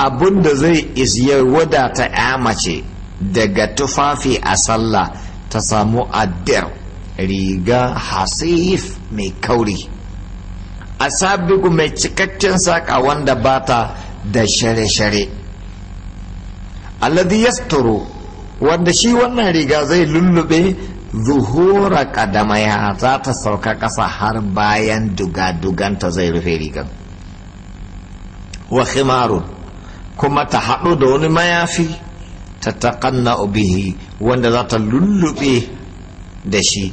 abun da zai isye wadata ya mace daga tufafi a sallah ta samu addir riga hasif mai kauri a sabiku mai cikakken saƙa wanda bata da share-share alladhi yasturu wanda shi wannan riga zai lullube zuhura kadamaya za ta sauka ƙasa har bayan duga-duganta zai rufe rigar. wa kuma ta haɗu da wani mayafi ta taƙanna bihi wanda za ta lullube da shi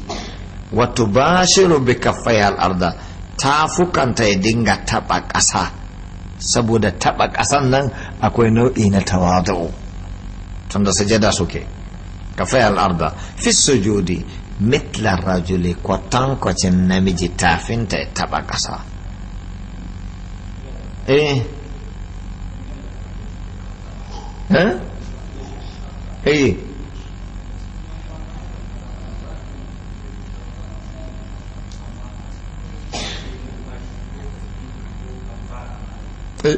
wato ba shi rubi kaffai al'arda fukanta ya dinga taɓa ƙasa saboda taɓa ƙasan nan akwai nau'i na tawadu da sujada suke kafai al'arda fi sujudi mitlar rajuli kwacin namiji tafinta ya taɓa ƙasa eh eh, eh? Eh,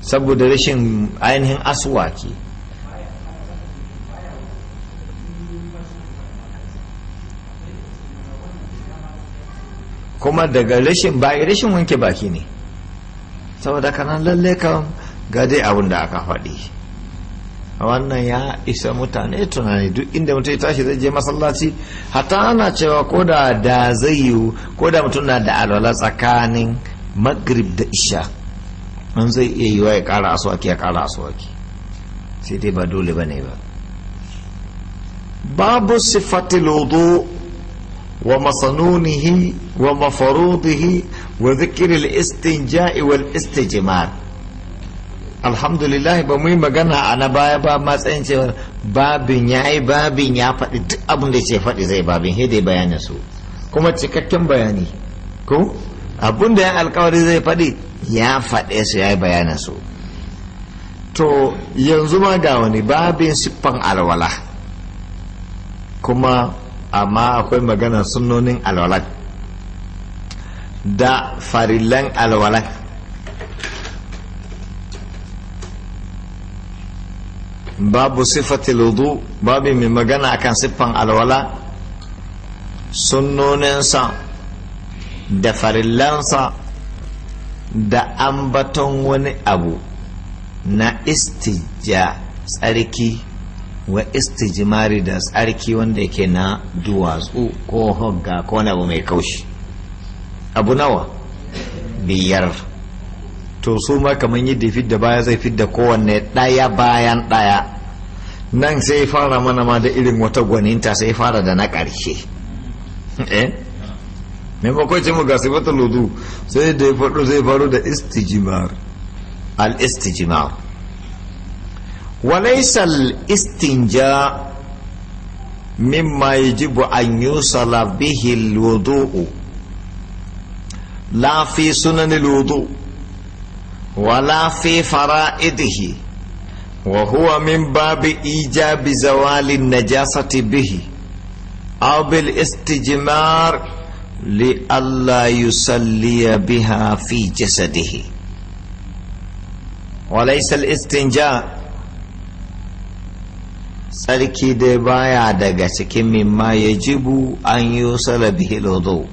saboda rashin ainihin aswaki kuma daga rashin baƙi rashin wanke baki ne saboda kanan lalle kan gade abin da aka faɗi wannan ya isa mutane tunani duk inda mutum ya tashi zai je masallaci hatta ana cewa ko da da zai yiwu ko da mutum na da alwala tsakanin magrib da isha an zai iya yiwa ya kara asuwaki ya kara asuwaki sai dai ba dole ba ne ba babu sifatil wudu wa masanunihi wa mafarudihi wa zikiril istinja'i wal istijmar alhamdulillah ba mu yi magana a na baya ba matsayin cewa babin ya yi babin ya faɗi duk abin da ce faɗi zai babin hidai bayanin su kuma cikakken bayani ko abun da ya alkawari zai faɗi ya faɗe su ya yi bayana su to yanzu ma ga wani babin siffan alwala kuma amma akwai magana sunonin alwala da farilan alwala babu sifati wudu babu mai magana akan siffan alwala sunnoninsa da farillansa da ambaton wani abu na istija tsarki wa istijimari da tsarki wanda yake na duwatsu ko hogga ko wani abu mai kaushi abu nawa biyar to su ma kamar yadda fidda baya zai fidda kowanne ɗaya bayan ɗaya nan sai fara mana ma da irin wata gwaninta sai fara da na ƙarshe *laughs* eh ne maimakon ce muga sifatar lodu sai da ya faɗo zai faru da istijimar al-istijimar walaisal istinja mimma yajibu an yusala bihi al-wudu'u la fi sunan al-wudu' ولا في فرائضه وهو من باب ايجاب najasati bihi به او بالاستجمار li allah yu ya biha fi jasadiyai walai sal aske ja sarki da baya daga cikin ma ya jibu an yu sala bihi lodow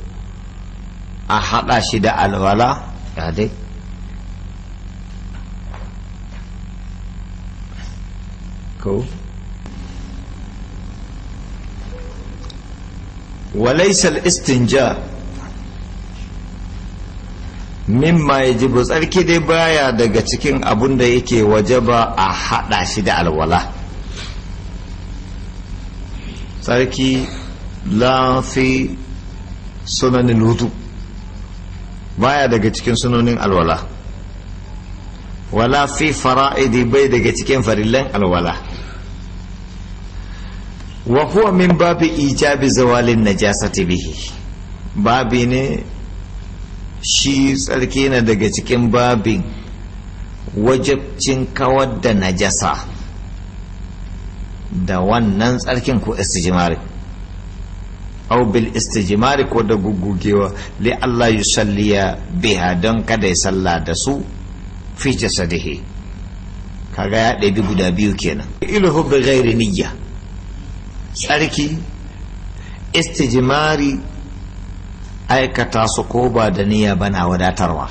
a hada shi da al-wala. وليس الاستنجاء mimma ya jibu tsarki dai baya daga cikin abun da yake wajaba a hada shi da alwala tsarki fi sunanin hutu baya daga cikin sunanin alwala wala fi fara'idi bai daga cikin farillan alwala wa huwa min babi ijabi zawalin najasati bihi babi ne shi tsarki daga cikin babin wajabcin kawar da najasa da wannan tsarkin ko istijmari au bil istijmari ko da gugugewa li Allah yusalliya biha don kada ya salla da su fi jasadihi kaga ya ɗabi guda biyu kenan ilhu bi ghairi niyya tsarki istijimari aikata su ko ba da niyya bana wadatarwa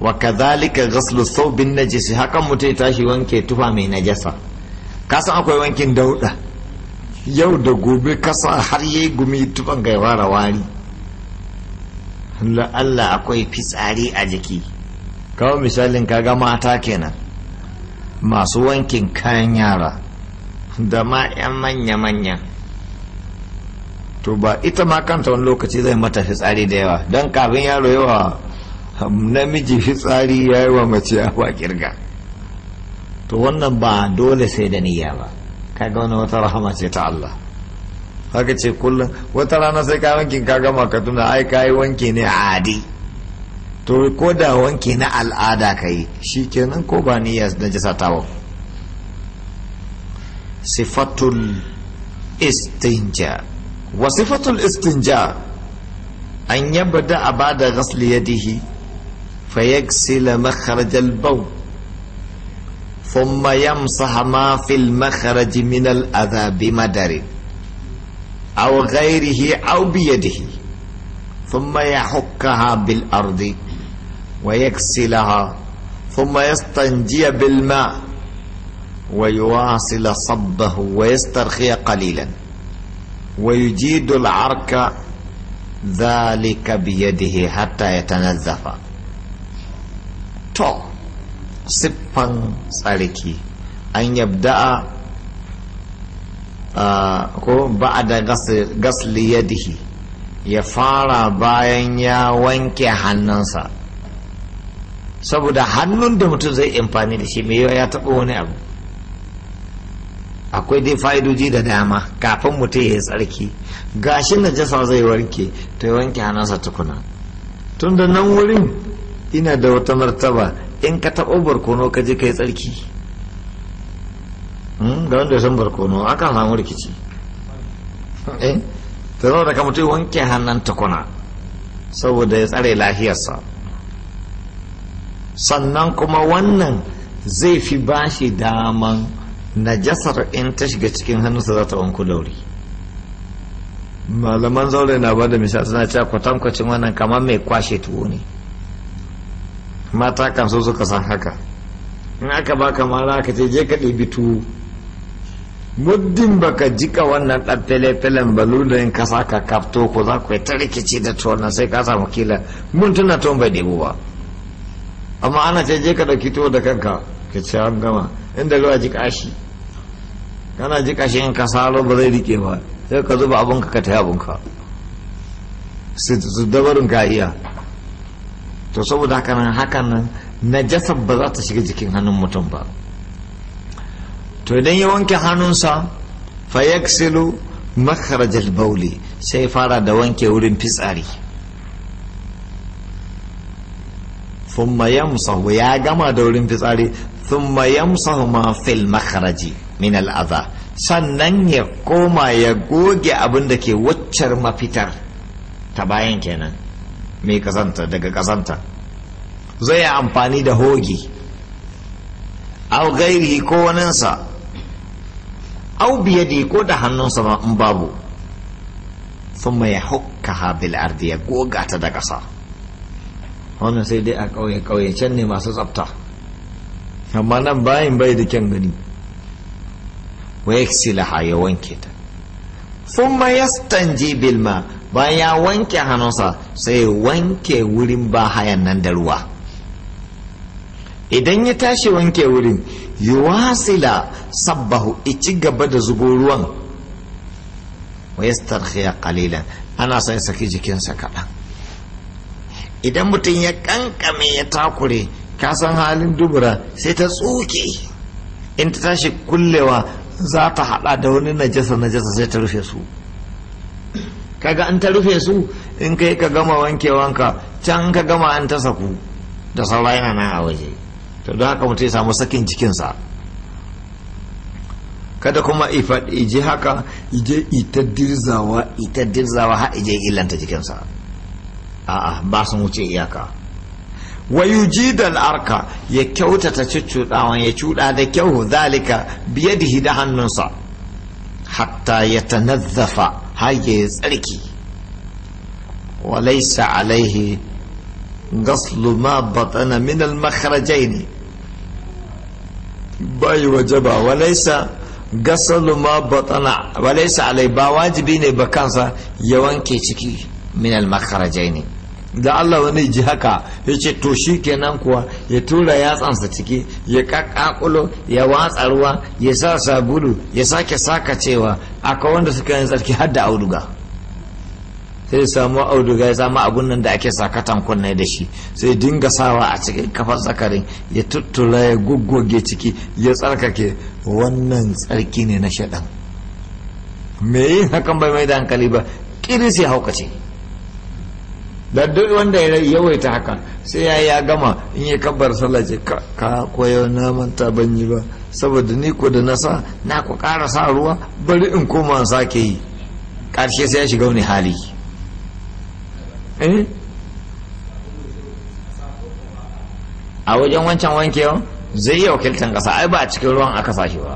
wa kadhalika ghaslu thawbin najisi hakan ya tashi wanke tufa mai najasa kasan akwai wankin dauda yau da gobe kasa har yayi gumi tufan ga da wari La'alla akwai fitsari a jiki kawo misalin kaga mata kenan masu wankin kayan yara da ma 'yan manya-manya to ba ita ma kanta wani lokaci zai mata fitsari da yawa don kafin yaro yawa namiji fitsari ya yi wa mace yawa kirga to wannan ba dole sai da niyya ba kaga wani wata rahama ce ta Allah haka ce kullum wata rana sai ka wankin ka gama ka tuna ai ka yi wanki ne adi to ko da wanki na al'ada ka yi shi kenan ko ba niyya na jisa tawon صفة الاستنجاء وصفة الاستنجاء أن يبدأ بعد غسل يده فيغسل مخرج البول ثم يمسح ما في المخرج من الأذى بمدر أو غيره أو بيده ثم يحكها بالأرض ويغسلها ثم يستنجي بالماء ويواصل صبه ويسترخي قليلا ويجيد العرك ذلك بيده حتى to تو سبا سالكي أن يبدأ ko ba da gasli yadihi ya fara bayan ya wanke hannunsa saboda hannun da mutum zai amfani da shi mai ya taɓa wani abu akwai dai fa'idoji da dama kafin mutum ya yi tsarki gashin jasa zai warke to ya wanke hannunsa tukuna tun da nan wurin ina da wata martaba in ka taɓa barkono ka je ka yi tsarki hmm, ga wanda san barkono akan samu rikici eh ta da ka mutum wanke hannun tukuna saboda ya tsare lafiyarsa sannan kuma wannan zai fi bashi daman najasar in ta shiga cikin hannunsa za ta wanku dauri malaman zaure na ba da misali suna cewa kwatankwacin wannan kamar mai kwashe tuwo ne mata kan so suka san haka in aka baka mara aka ce je ka ɗebi tuwo muddin baka jika wannan ɗan fele-felen balurin ka saka kafto ko za ku yi ta rikici da tuwon nan sai ka samu kila mun tuna tuwon bai ɗebo ba amma ana ce je ka ɗauki tuwo da kanka ka ce an gama inda ruwa jika shi kana ji in ka salo ba zai rike ba sai ka zuba abunka ka taya abunka su dabarin ka iya to saboda haka nan hakan nan jasa ba za ta shiga jikin hannun mutum ba to idan ya wanke hannunsa fa yaksilu makharajal bauli sai fara da wanke wurin fitsari thumma yamsahu ya gama da wurin fitsari thumma yamsahu ma fil makharaji min al'aza sannan ya koma ya goge abin da ke waccar mafitar ta bayan kenan mai kazanta daga kazanta zai yi amfani da hogi au gairi ko waninsa au biyadi ko da hannunsa ma in babu sun mai hukka bil ardi ya goga ta da ƙasa wannan sai dai a ƙauye-ƙauye can ne masu tsafta amma nan bayan bai da kyan gani wa yaksilaha ya wanke ta thumma yastanji bil ma bayan ya wanke hannunsa sai wanke wurin ba hayan nan da ruwa idan ya tashi wanke wurin wasila sabbahu ici gaba da zubo ruwan wa ya kalilan ana son saki jikinsa kaɗan idan mutum ya kankame ya takure ka san halin dubura sai ta tsuke in ta tashi kullewa za ta hada da wani najasa najasa sai ta rufe su kaga an ta rufe su in kai ka gama wanke wanka can ka gama an ta saku da saura yana na a waje to don haka mutum ya samu sakin jikinsa kada kuma ije haka ije ita dirzawa ita dirzawa har ije ilanta jikinsa a'a ba su wuce iyaka wa arka ya kyautata cuccuɗawan ya cuɗa da kyau zalika biyadihi da hannunsa hatta ya tanazzafa har ya tsarki wa alaihi gaslu ma batana min al bai gasalu ma batana alai ba wajibi ne ba kansa ya wanke ciki min al da Allah wani ji haka ya ce to shi kenan kuwa ya tura yatsansa ciki ya kakakulo ya watsa ruwa ya sa sabulu ya sake saka cewa akwai wanda suka yi tsarki har da auduga sai ya samu auduga ya samu abun nan da ake sakatan kunne da shi sai dinga sawa a cikin kafar zakarin ya tuttura ya guggoge ciki ya tsarkake wannan tsarki ne na shaɗan me yin hakan bai mai da hankali ba ƙiri ya haukace da duk wanda ya yawaita haka sai ya ya gama in ya kabbar sallah ce ka koyo na manta ban yi ba saboda ni ko da na sa na ku ƙara sa ruwa bari in koma sake yi ƙarshe sai ya shiga wani hali eh? a wajen wancan wankewa zai yi wakiltan ƙasa ai ba a cikin ruwan aka sashi ba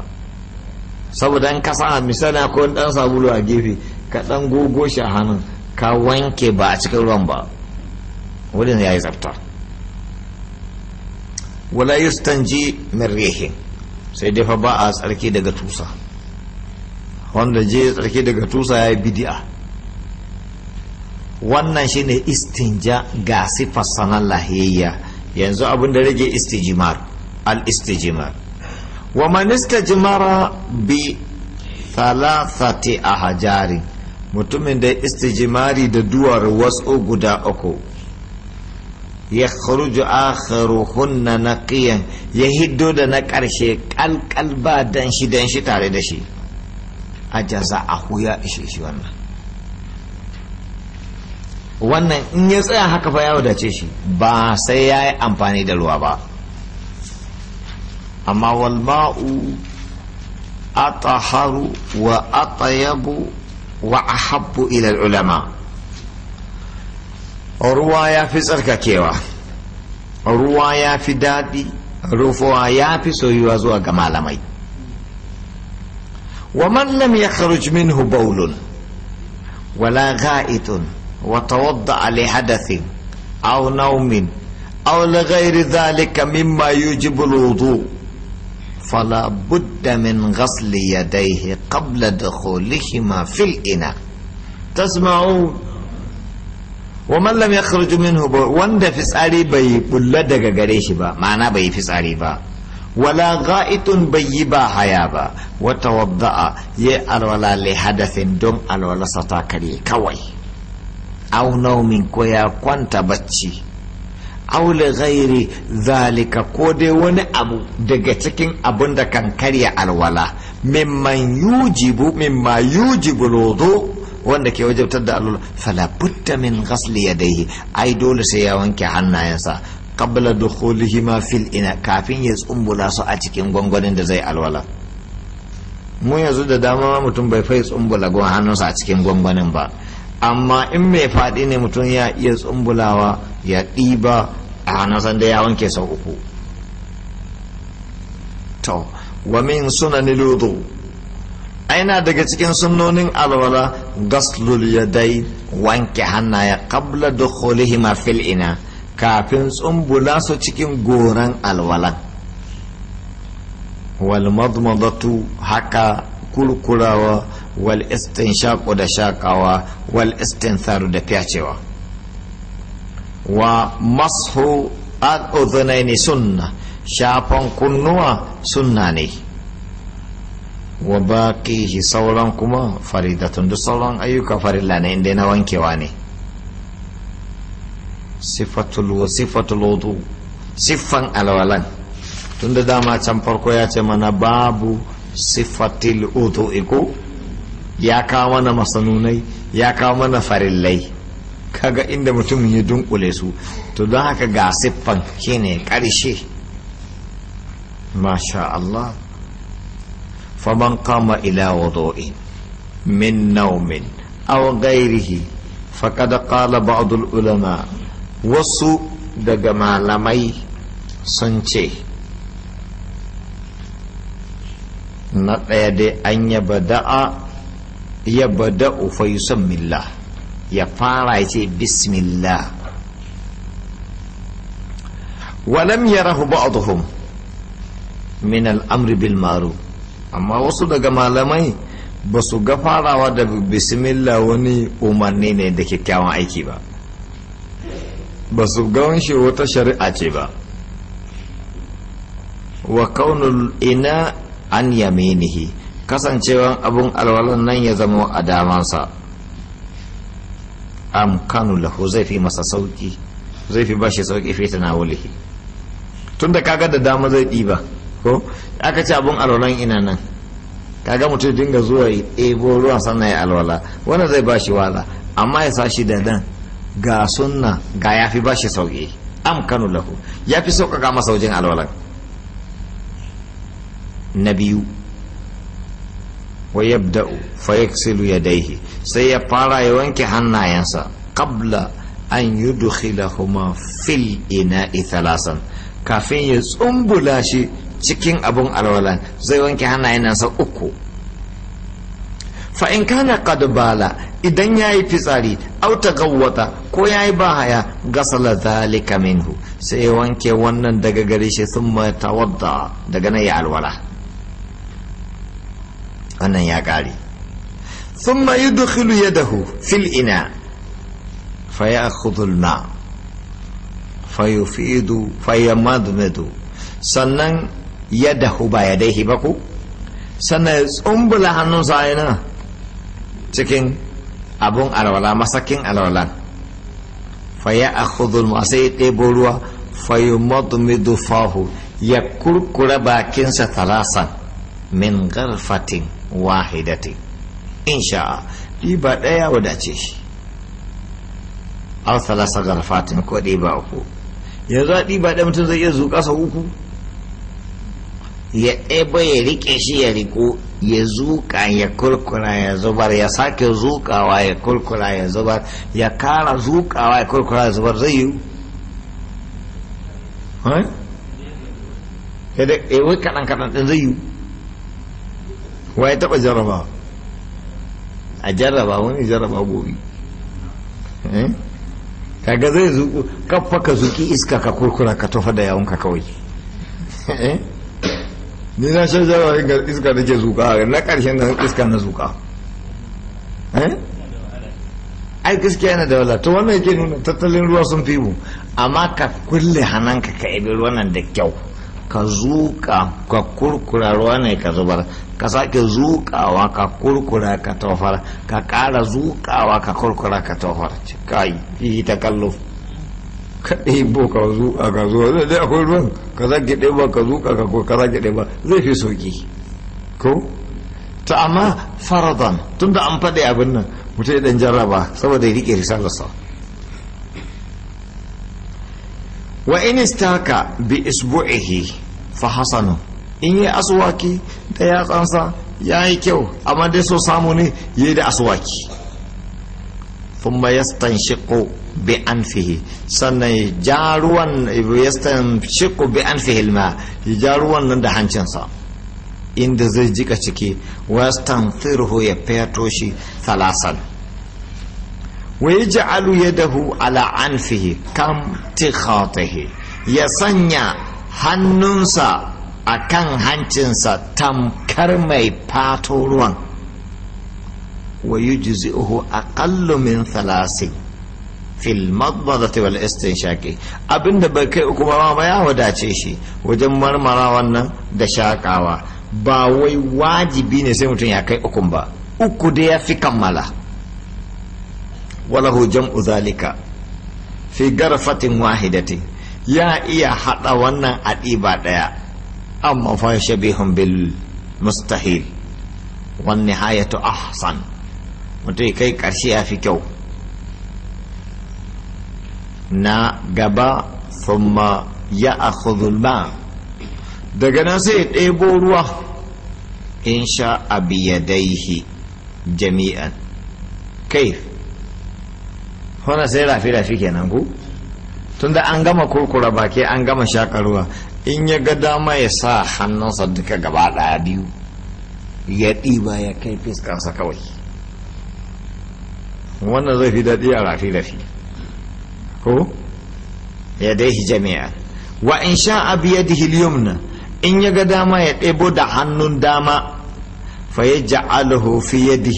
saboda in kasa misali ko dan sabulu a gefe ka dan gogo shi a hannun ka wanke ba a cikin ruwan ba wurin ya yi tsafta wala yustanji min rihin sai dai fa ba a tsarki daga tusa wanda je tsarki daga tusa ya yi bidi'a wannan shine istinja ga sifar sanar lahiyayya yanzu abin da rage istijimar al istijimar wa manista jimara bi thalathati hajarin. mutumin da istijimari da duwar wasu guda uku ya kharuju hunna naqiyan ya hiddo da na ƙarshe kalkal ba dan shi dan shi tare da shi a jaza a ya ishe shi wannan wannan in ya tsaya haka fa ya wadace shi ba sai ya yi amfani da ruwa ba amma walma'u ataharu wa atayabu وأحب إلى العلماء رواية في سركة رواية في دادي رواية في سيوازوها مي ومن لم يخرج منه بول ولا غائط وتوضأ لحدث أو نوم أو لغير ذلك مما يجب الوضوء فلا بد من غسل يديه قبل دخولهما في الإناء تسمعون ومن لم يخرج منه وند فساري بي بلا دغ غريشي با معنى بي فساري با ولا غائط بي با حيا با وتوضأ يا ولا لحدث دم الولا ستا كوي أو نوم كويا كوانتا بتشي aule ghairi zalika ko dai wani abu daga cikin abun da kan karya alwala mimman yujibu mimma yujibu lodo wanda ke wajabtar da alwala fala butta min ghasli yadayhi ai dole sai ya wanke hannayensa qabla dukhulihima fil ina kafin ya tsumbula su a cikin gwangwanin da zai alwala mu yanzu da dama mutum bai fai tsumbula hannunsa a cikin gwangwanin ba amma in mai faɗi ne mutum ya iya tsumbulawa ya ɗiba a hannun da ya wanke sau uku to wa min ludu aina daga cikin sunnonin alwala gaslul dai wanke hannaya kabla dukhulihima fil ina kafin tsumbula su cikin goran alwala wal madmadatu haka kurkurawa wal shaƙo da shakawa wal istintharu da fyacewa wa mashu al-udhunaini sunna shafan kunnuwa sunna ne wa sauran kuma faridatun duk sauran ayyuka farilla ne inda na wankewa ne sifatul sifatul wudu siffan alwalan tunda dama can farko ya ce mana babu sifatil wudu'i iku ya kawo mana masanunai ya kawo mana farillai kaga inda mutum ya dunkule su to don haka ga siffan ne karshe masha Allah faman kama ila wado'i min naumin aw gairihi faqad qala ba'd ulama wasu daga malamai sun ce na ɗaya dai an yaba da'a ya bada yusuf milla ya fara ya ce bismillah walam ya rahu ba'aduhum min al'amri bil maru amma wasu daga malamai ba su ga farawa da bismillah wani umarni ne da kyakkyawan aiki ba ba su gawanshi wata shari'a ce ba wa kaunul ina an yaminihi kasancewan abun alwalan nan ya zama a damansa amkanu lahu zai fi masa sauki zai fi bashi sauki fi tanawulihi tun da kaga da dama zai ɗiba ko aka ce abun alwalan ina nan kaga mutum dinga zuwa ɗebo ruwan sannan ya alwala wanda zai bashi wala amma ya sashi da dan ga sunna ga ya fi bashi sauki amkanu lahu ya fi sauƙaƙa masa wajen alwalan na biyu wa yabda'u fa yaksilu yadaihi sai ya fara ya wanke hannayensa qabla an yudkhilahuma fil ina'i thalasan kafin ya tsumbula shi cikin abun alwalan zai wanke hannayensa uku fa in kana qad bala idan yayi fitsari aw tagawwata ko yayi bahaya gasala dhalika minhu sai wanke wannan daga gare shi ma tawadda daga nan ya alwala wannan ya ƙare thumma yudkhilu yadahu fil ina fa ya'khudhu al-ma fa yufidu fa yamadmadu sannan yadahu ba yadaihi ba ku sannan ya tsumbula hannunsa aina cikin abun alwala masakin alwalan fa ya'khudhu al-ma sai ɗebo ruwa fa yumadmidu fahu ya kurkura bakinsa talasa min garfatin wahidati in sha'a ɗiba ɗaya wadace shi aw salasa garfatin ko ɗiba uku yanzu a ɗiba ɗaya mutum zai iya zuƙa sau uku ya ɗeba ya riƙe shi ya riko ya zuƙa ya kurkura ya zubar ya sake zuƙawa ya kurkura ya zubar ya kara zuƙawa ya kurkura ya zubar zai yi eh, kaɗan kaɗan ɗin zai yi wa taba taɓa a jaraba wani jaraba gobe eh? kaga zai zuku kafa ka zuki iska ka kurkura ka tofa da ka kawai eh? ni na shan jaraba ga iska da ke zuka na ƙarshen da iska na zuka eh? ai gaskiya yana da wala to wannan yake nuna tattalin ruwa sun fi mu amma ka kulle hannanka ka ibi ruwanan nan da kyau ka zuƙa ka kurkura ruwa ne ka zubar ka sake zuƙawa ka kurkura ka tofar ka ƙara zuƙawa ka kurkura ka tofar kai yi ta kallo ka ɗebo ka zuƙa ka zo zai dai akwai ruwan ka sake ɗeba ka zuƙa ka kurkura ka sake ɗeba zai fi soki ko ta amma faradan tunda an faɗi abin nan mutum ya ɗan jarraba saboda ya riƙe risalarsa wa in istaka bi isbu'ihi fa hasanu in yi aswaki da yatsansa ya yi kyau amma dai so samu ne yi da aswaki thumma yastanshiqu bi anfihi sannan ya ja ruwan yastanshiqu bi anfihi alma ya jaruwan nan da hancinsa inda zai jika ciki wastanthirhu ya feto shi wa yadahu ala anfihi kam tikhatihi ya sanya hannunsa a kan hancinsa tamkar mai fato ruwan wa yi jizi uhu aƙallu min thalasi fil magbazata wal abinda bai kai uku ma ya wadace shi wajen marmara wannan da shaƙawa ba wai wajibi ne sai mutum ya kai uku ba uku da ya fi kammala walahu jam'u zalika fi garfatin wahidati ya iya hada wannan adiba daya amma fa shabihun bil mustahil wan nihayatu ahsan mutai kai karshe ya fi kyau na gaba thumma ya akhudhul ma daga nan sai ɗebo ruwa in sha abiyadaihi jami'an kaif wannan sai rafi-rafi kenan ku tunda an gama kurkura baki an gama shakaruwa in ya ga dama ya sa hannunsa duka gaba ɗaya biyu ya ɗiba ya kai fiskansa kawai wannan zai fi daɗi a rafi-rafi ko ya dai jami'a wa in sha abu ya dihiliyum in ya ga dama ya ɗebo da hannun dama فيجعله في يده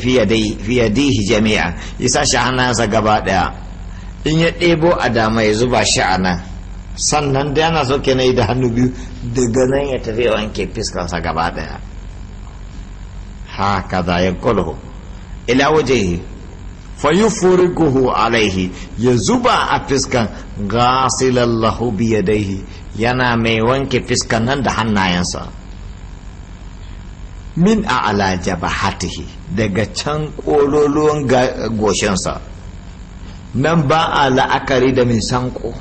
في يديه في يديه جميعا يسا شعنا in ya ɗebo adama dama ya zuba shi a sannan da yana so yi da hannu biyu daga nan ya tafi wanke fiskansa gaba daya haka za ya kulhu ila wajehi fa yufuriguhu alaihi ya zuba a fiskan gasilallahu biyadaihi yana mai wanke fiskan nan da hannayensa min a alaja bahatihi daga can ƙololuwan goshinsa nan ba a la'akari da min sanko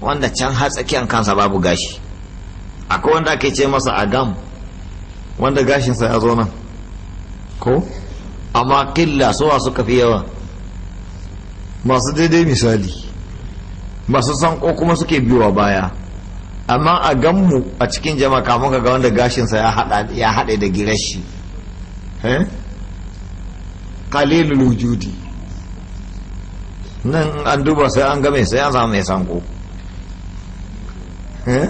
wanda can hatsakiyan kansa babu gashi akwai wanda ake ce masa agam wanda gashinsa ya zo nan ko amma killa suwa suka fi yawa masu daidai misali masu sanko kuma suke biwa baya amma a ganmu a cikin jama'a kafin ga wanda gashinsa ya haɗe da girashi kalilul eh? wujudi nan an duba sai an game sai an samu mai sanko eh?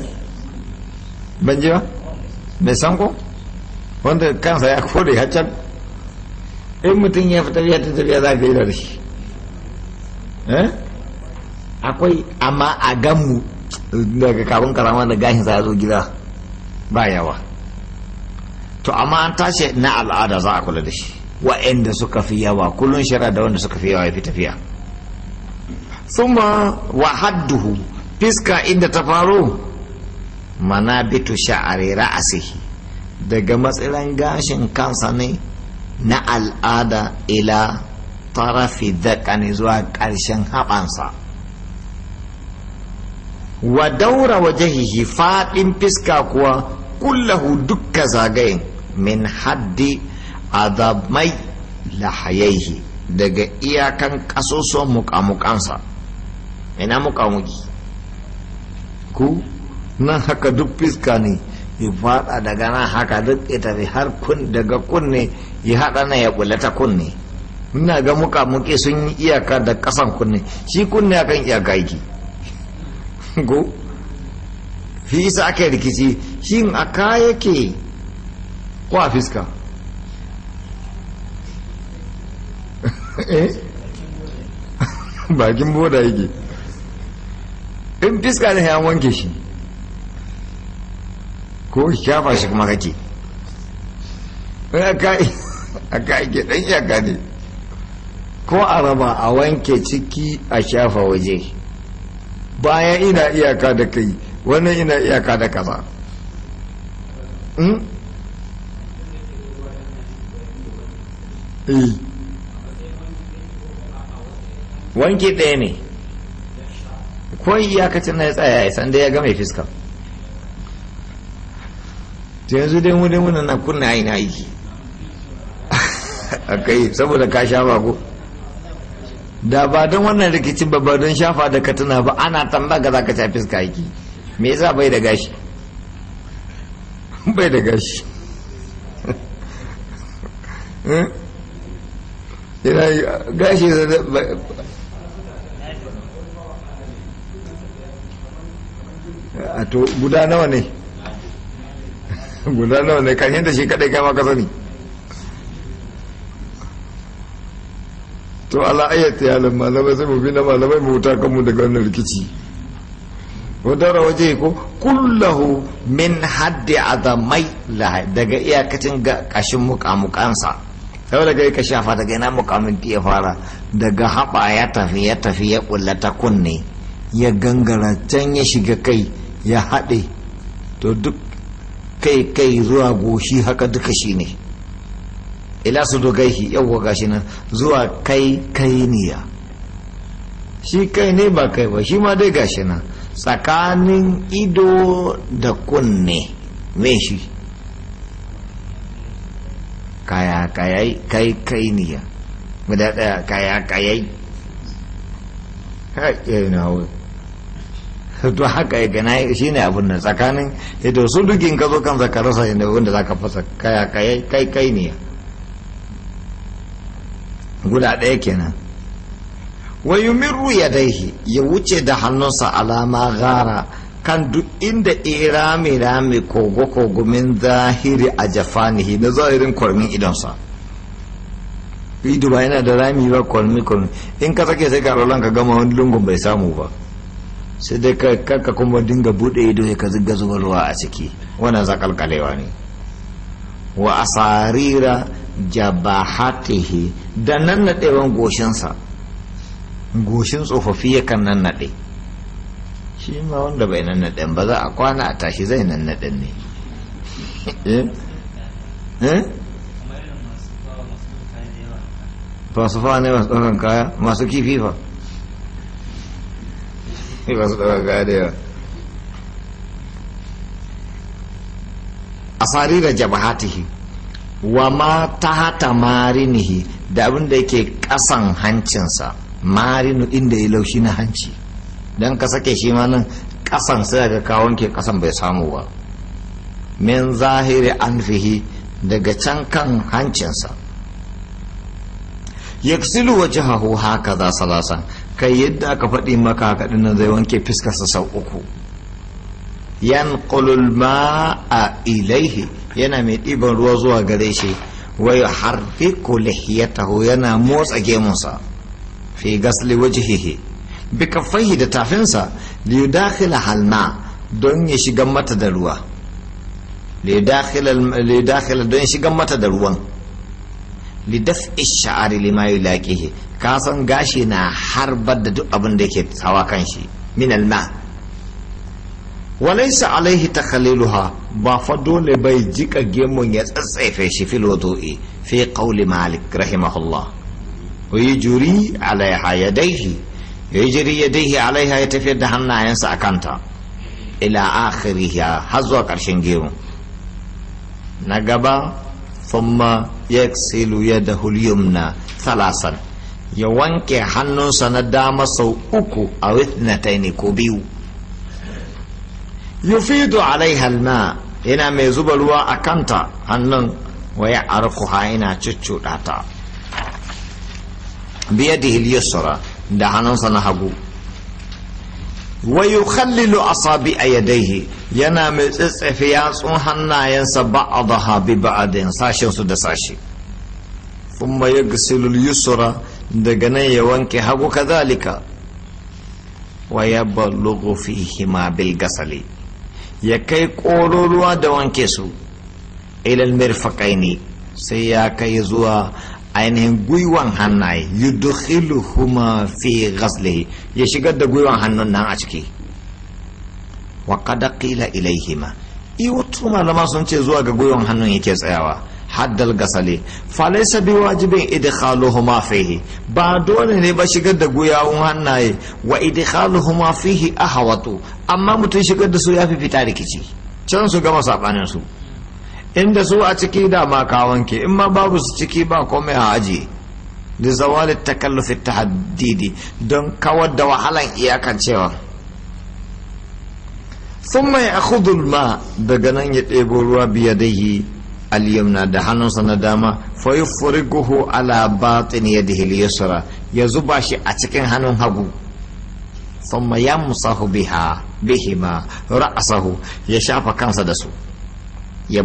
ban ji ba mai sanko wanda kansa ya kore ya can in mutum ya fitar ya tafiya za ka yi da shi eh? akwai amma a ganmu daga kafin karama da gashin sa ya zo gida ba yawa to amma an tashi na al'ada za a kula da shi wa'anda suka fi yawa kullun shara da wanda suka fi yawa ya fi tafiya summa wa hadduhu fiska inda ta faro manabitu sha'ari ra'asihi daga matsiran gashin kansa ne na al'ada ila tarafi da zuwa ƙarshen haɓansa wa daura wajahihi faɗin fiska kuwa kullahu dukka zagayen min haddi azamai lahayaihi daga iyakan ƙasusuwan muƙamuƙansa ina muƙamuƙi ku nan haka duk fiska ne ya faɗa daga nan haka duk ita har kun daga kunne ya haɗa na ya ta kunne muna ga muƙamuƙi sun yi iyaka da ƙasan kunne shi kunne akan iyaka yake go fi isa aka rikici shin a ka yake ko a fiska eh? *laughs* bakin boda yake in fiska ne ya wanke shi ko shafa shi kuma kake a ka yake *laughs* dan yaka ne ko a raba a wanke ciki a shafa waje bayan ina iyaka da kai wannan ina iyaka da kaza hmm? eh. wanki ɗaya ne ko iyakacin na ya tsaya ya sanda ya game fiska ta yanzu dai mu dai muna na kunna aina aiki *laughs* a kai saboda ka sha ko. da ba don wannan rikicin ba ba don shafa da katuna ba ana tamba ga ka shafi fuska yake me yasa bai da gashi bai da gashi eh? yana gashi a to guda nawa ne *laughs* guda nawa ne kan yadda shi kadai kama ka sani to ala ayyata lamma lamai sai mu bi na malamai mu wuta kanmu daga wannan rikici wadara waje ko kullahu min haddi azamai daga iyakacin ga kashin mukamukansa sau daga ka shafa daga yana mukamin ya fara daga haɓa ya tafi ya tafi ya ƙullata kunne ya gangara can ya shiga kai ya haɗe to duk kai kai zuwa goshi haka duka shi ne ila su dogai dogaihi yawwa gashi nan zuwa kai kai niya shi kai ne ba kai ba shi ma dai gashi nan tsakanin ido da kunne me shi kaya kayai kai kai niya guda daya kaya kayai haƙƙe na wuri to haka ya gana shi ne abin nan tsakanin ido su dukin ka zo kan zakarasa inda wanda za ka fasa kaya kayai kai kai niya guda ɗaya kenan wa yumirru yadaihi ya wuce da hannunsa alama gara kan duk inda irami rami kogo kogo min zahiri a jafanihi na zahirin kwarmin idonsa ido ba yana da rami ba kwarmi kwarmi in ka sake sai ka ka gama wani lungun bai samu ba sai dai ka kuma dinga bude ido ya ka ziga zuba ruwa a ciki wannan zakalkalewa ne wa asarira jabahatihi da nan nannaɗewan goshinsa goshin tsofaffi yakan naɗe. shi ma wanda bai nan naɗe ba za a kwana a tashi zai naɗe ne *laughs* eh? Eh? masu fa ne masu ɗaukan kaya masu kifi fa masu ɗaukan kaya da yawa asari da jabahatihi wa ma hata marinihi da abin da yake kasan hancinsa marinu inda ya laushi na hanci don ka sake shi ma nan kasan sai daga kawon ke kasan bai samu ba min zahiri an fihi daga can kan hancinsa yaksilu ho haka za salasan kai yadda aka faɗi maka haka nan zai wanke fiskarsa sau uku ma a ilaihi yana mai ɗiban ruwa zuwa gare shi wa ya taho yana motsa gemunsa fi gasli wajihihi, bi kaffaihi da tafinsa li yudakhila halna don ya shiga mata da ruwa li yudakhila don ya shiga mata da ruwan li daf'i sha'ari lima yulaqihi ka san gashi na harbar da duk abin da yake tsawa kan shi min al-ma' walaisa alaihi takhaliluha ba fa dole bai jika gemun ya tsatsefe shi fil wudu'i fi qawli malik rahimahullah wa yajri alaiha yadayhi yajri yadayhi alaiha ya tafi da hannayensa akanta ila akhiri ya zuwa karshen gemu na gaba thumma yaksilu yadahu al-yumna thalasan ya wanke hannunsa na dama sau uku a withnataini ko biyu yufidu alaiha alma yana mai zuba ruwa a kanta hannun waya arkuha yana cuccuɗa ta biyadihi yusra da hannunsa na hagu wa yukhallilu asabi a yadaihi yana mai tsitsefe yatsun hannayensa ba'adaha bi ba'adin sashin su da sashi kuma ya yi yusra daga nan ya wanke hagu kazalika wa ya ballugu fihi ma bil gasali ya kai ƙororuwa da wanke su ilal ne sai ya kai zuwa ainihin gwiwan hannaye yudkhiluhuma fi gasle ya shigar da gwiwan hannun nan a ciki wa qad qila ilaihima i wato malama sun ce zuwa ga gwiwan hannun yake tsayawa haddal gasale falaisa bi wajibin idkhaluhuma fihi ba dole ne ba shigar da gwiwan hannaye wa idkhaluhuma fihi ahwatu amma mutum shigar da su ya fi fita rikici can su gama saɓanin su inda su a ciki da ma ka in ma babu su ciki ba komai a aji da zawalin takallufi tahaddidi don kawar da wahalan iyakancewa sun mai a ma daga nan ya ɗebo ruwa yi aliyamna da hannunsa na dama guhu ala batin da yusra ya zuba shi a cikin hannun hagu thumma yamsahu biha bihima ra'sahu ya shafa kansa da su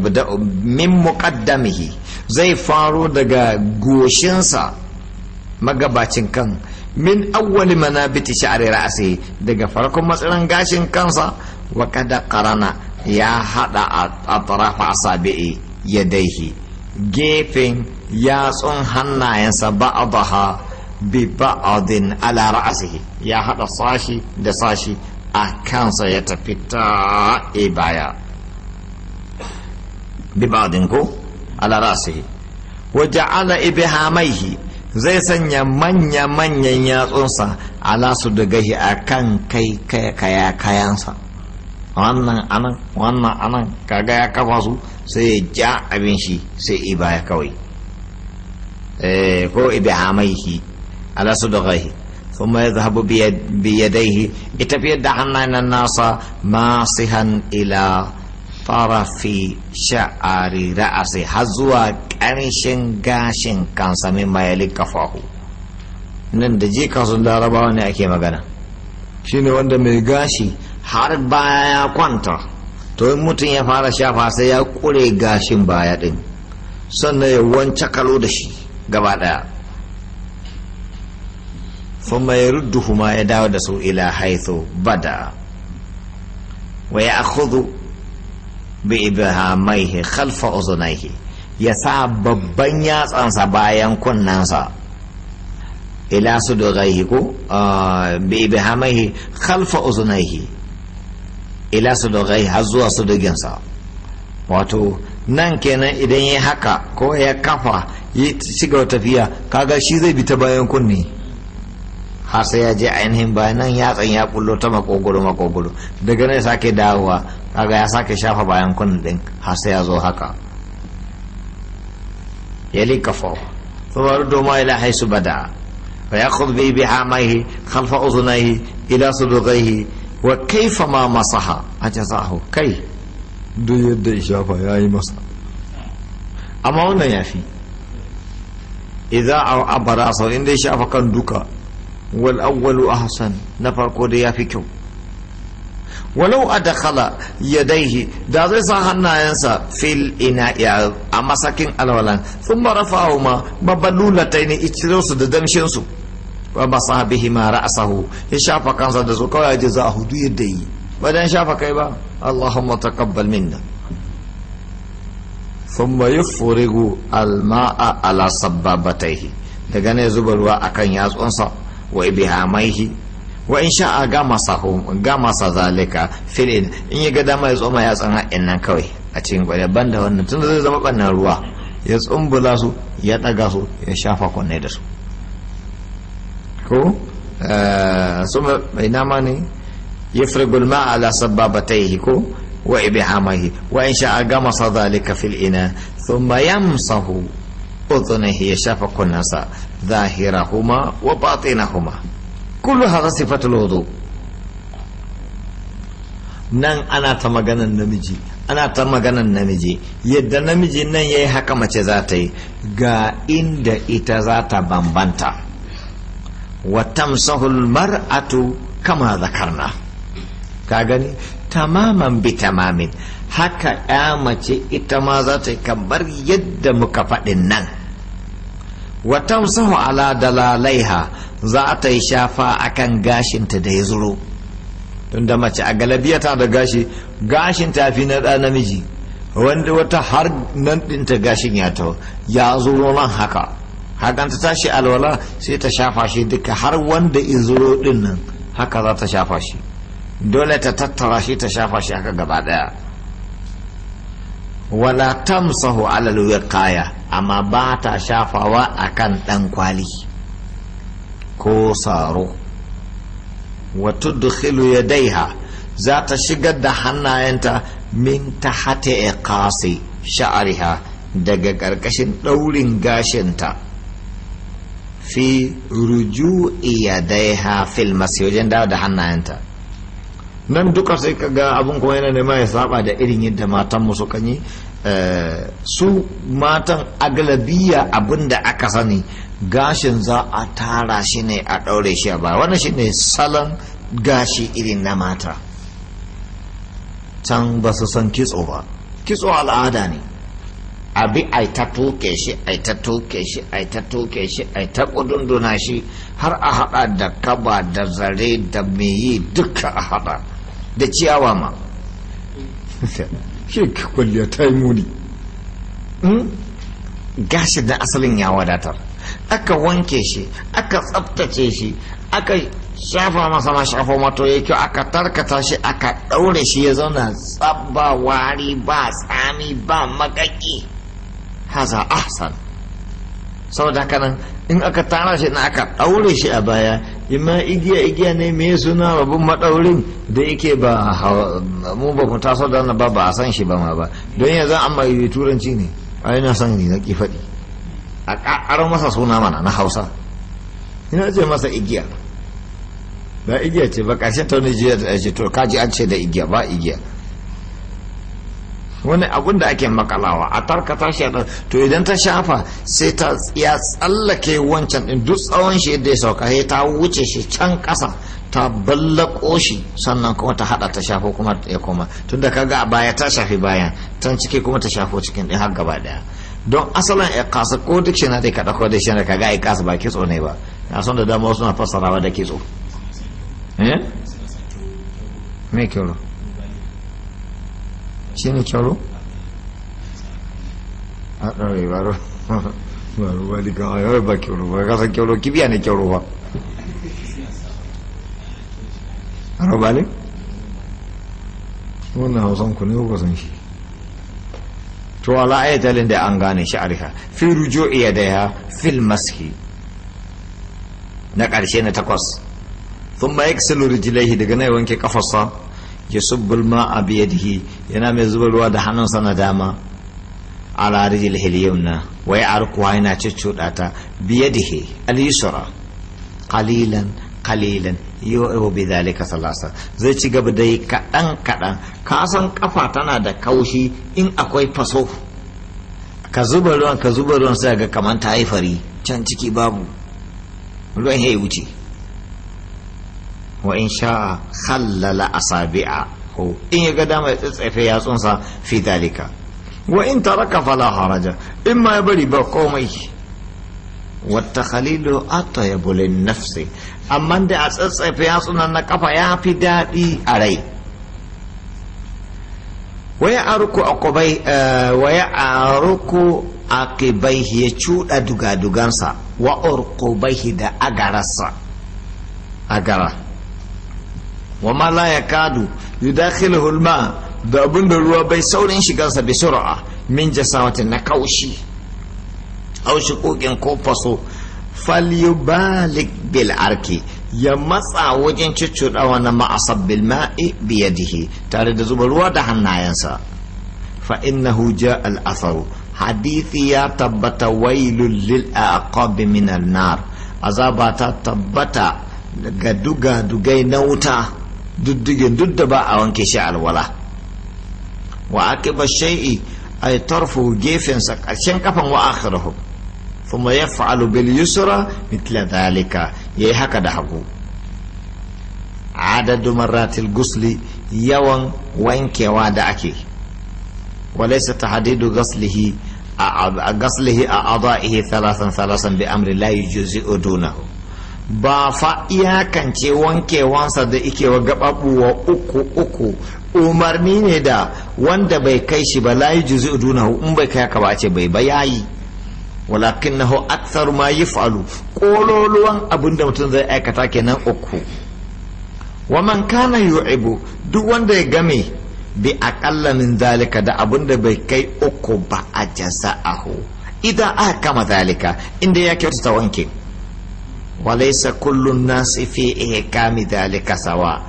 bada min muqaddamihi zai faro daga goshinsa magabacin kan min awwali manabiti sha'ri ra'si daga farkon matsalan gashin kansa wa kada qarana ya hada atrafa asabi'i yadaihi gefen yatsun hannayensa ba'daha bi ba'adin ala ra'asihi ya hada sashi da sashi a kansa ya tafi ta e baya bi ba'adin ko ala ra'asihi wa ja'ala ibhamaihi zai sanya manya manyan yatsunsa ala su dagahi a kan kai kaya kayansa wannan anan wannan anan kaga ya kafa su sai ya ja abin shi sai ibaya kawai ko hamaihi ala sadaqaihi thumma yadhhabu bi yadayhi itafiyad da hannayen nasa masihan ila tarafi sha'ari ra'asi har zuwa ƙarshen gashin kansa min mayalin kafahu nan da je kasun larabawa ne ake magana shine wanda mai gashi har baya ya kwanta to mutum ya fara shafa sai ya kure gashin baya din sannan ya wance kalo da shi gaba daya ثم يردهما ya dawo da su بدا haithu bada خلف ya'khudhu bi ibhamaihi khalfa uzunaihi ya sa babban yatsansa bayan kunnansa ila su dogaihi ko ah, bi har zuwa su wato nan kenan idan ya haka ko ya kafa ya ci tafiya kaga shi zai bi ta bayan kunne har sai ya je ainihin bayan nan ya kullo ta makogoro makogoro daga nan sake dawowa kaga ya sake shafa bayan kunnen din har sai ya zo haka ya Kuma thumma ma ila haisu bada ya yaqud bi hamaihi khalfa uzunaihi ila sudughaihi wa kaifa ma masaha ajazahu kai duk yadda shafa yayi masa amma wannan fi. idza abara sau inda ya shafa kan duka wal a Hassan na farko da yafi kyau walau a ya yadaihi da zai sa hannayensa fil ina a masakin alwalan sun ma rafa'u ma babalulatai ne iciro da damshin su wa masa bihi ma ra'sahu ya shafa kansa da su kawai ya za a hudu yadda yi ba dan shafa kai ba allahumma taqabbal minna thumma yufrigu alma'a ala sabbabataihi daga ne zuba ruwa akan yatsunsa wa ibihamaihi wa in sha'a gamasahu gamasa zalika filin in ya ga dama ya tsoma ya tsana nan kawai a cikin gwada da wannan tun zai zama bannan ruwa ya tsumbula su ya daga su ya shafa kunne da su ko su mai nama ne ya firgul ma ala sabbabataihi ko wa ibihamaihi wa in sha'a gamasa zalika fil ina thumma sahu. udhunihi ya shafa kunnansa zahirahuma wa batinahuma kullu hadha nan ana ta maganan namiji ana ta maganan namiji yadda namiji nan ya yi haka mace za ta yi ga inda ita za ta bambanta wa tamsahul mar'atu kama zakarna ka gani tamaman bi tamamin haka ya mace ita ma za ta yi yadda muka faɗin nan wa tamsahu ala dalalaiha za ta yi shafa akan gashinta da ya zuro tunda mace a galabiyata da gashi gashin ta fi na ɗa namiji wanda wata har nan ɗinta gashin ya ta ya zuro nan haka hakan ta tashi alwala sai ta shafa shi duka har wanda in zuro ɗin nan haka za ta shafa shi dole ta tattara shi ta shafa shi haka gaba ɗaya wala tamsahu alal kaya. amma ba ta shafawa a kan ɗan kwali ko saro wato dukhilu ya daiha za ta shigar da hannayenta min ta hata ya kasi sha'ariha daga ƙarƙashin ɗaurin gashinta fi ruju iya daiha fil wajen dawo da hannayenta nan duka sai ka ga abin kuma yana nema ya saba da irin yadda matanmu sukan yi su matan agalabiya abin da aka sani gashin za a tara shi ne a ɗaure shi a ba wani shi ne salon gashi irin na mata can ba su san kitso ba kitso al'ada ne abi ai ta toke shi ai ta toke shi ai ta toke shi ai ta kudunduna shi har a hada da kaba da zare da meyi duka a hada da ciyawa ma *laughs* ke kwalliya ta yi muni hmm? gashi da asalin ya wadatar aka wanke shi aka tsabtace shi aka shafa masa mashafa mato ya kyau aka tarkata shi aka ɗaure shi ya zauna tsabba wari ba tsami ba makaki haza ahsan saboda da in aka tara shi na aka ɗaure shi a baya imma igiya igiya ne me suna babun madaurin da yake ba mu ba mu taso da ba ba a san shi ba ma ba don yanzu an ma yi turanci ne a yana san ni na kifadi a ƙaƙar masa suna mana na hausa ina ce masa igiya ba igiya ce ba ƙarshen ta wani jiya ta ce to kaji an ce da igiya ba igiya wani abun da ake makalawa a tarkata shi a to idan ta shafa sai ta ya tsallake wancan din duk tsawon shi yadda ya sauka sai ta wuce shi can ƙasa ta ballako shi sannan kuma ta hada ta shafo kuma ya koma tunda kaga a baya ta shafi bayan tan ciki kuma ta shafo cikin ɗin har gaba daya don asalin ya kasa ko duk shi na dai ka da shi na kaga ya kasa ba kitso ne ba na son da dama wasu na fassarawa da kitso eh me kyau shi ne kyaro a ɗaure ba *laughs* ruwa ba di kan ba kyaro ba ka san kyaro kibiya ne kyaro ba a ba ne wannan hausan ku ne ko san shi to ala ayatalin da an gane shi arifa fi rujo iya da ya fil maski na ƙarshe na takwas sun ba ya ma yaksilu rijilaihi daga na yawan ke kafasa yasubbul ma'a a yadihi yana mai zuba ruwa da hannunsa na dama ala rijil hilyumna wa ya'arquha yana cuccuda ta bi yadihi al-yusra qalilan qalilan yu'u bi dhalika salasa zai ci gaba dai kadan kadan ka san kafa tana da kaushi in akwai faso ka zuba ruwan ka zuba ruwan sai ga ta haifari can ciki babu ruwan ya wuce وإن شاء خلل أصابعه إن يقدام يتسعف ياسونسا في ذلك وإن ترك فلا حرج إما يبري بقومي والتخليل أطيب للنفس أما أنت أتسعف ياسونا نكفى يا في دادي علي ويعرك أقبي آه، ويعرك أقبيه يشود أدوغا دوغانسا وأرقبيه دا أغرسا أغرسا wa ma la yakadu yudakhiluhu al-ma da abin da ruwa bai saurin shigarsa bi sur'a min jasawatin na kaushi au shuquqin ko faso falyubalik bil arki ya matsa wajen cuccuɗa wani ma'asab bil ma'i biyadihi tare da zuba ruwa da hannayensa fa innahu ja al atharu hadithi ya tabbata wailul lil aqab min nar azaba ta tabbata ga duga dugai na wuta diddigen duk da ba a wanke shi alwala wa aqiba shay'i ay tarfu gefen sa karshen kafan wa akhirahu thumma yaf'alu bil yusra mithla dhalika yayi haka da hagu adadu marratil gusli yawan wankewa da ake walaysa tahdidu ghaslihi a ghaslihi a adaihi thalathan thalathan bi amri la yujzi'u dunahu ba fa iyakance wankewansa da ike wa gababuwa uku uku umarni ne da wanda bai kai shi ba layi juzi dunahu in bai kai ka ba ce bai ba yayi walakin na hau aksar ma yi falu ƙololuwan abin da mutum zai aikata kenan uku waman kana yu'ibu duk wanda ya game bi aƙalla min zalika da abin da bai kai uku ba a jaza'ahu idan aka kama zalika inda ya kyautata wanke walaisa kullun nasi fi ihkami dalika sawa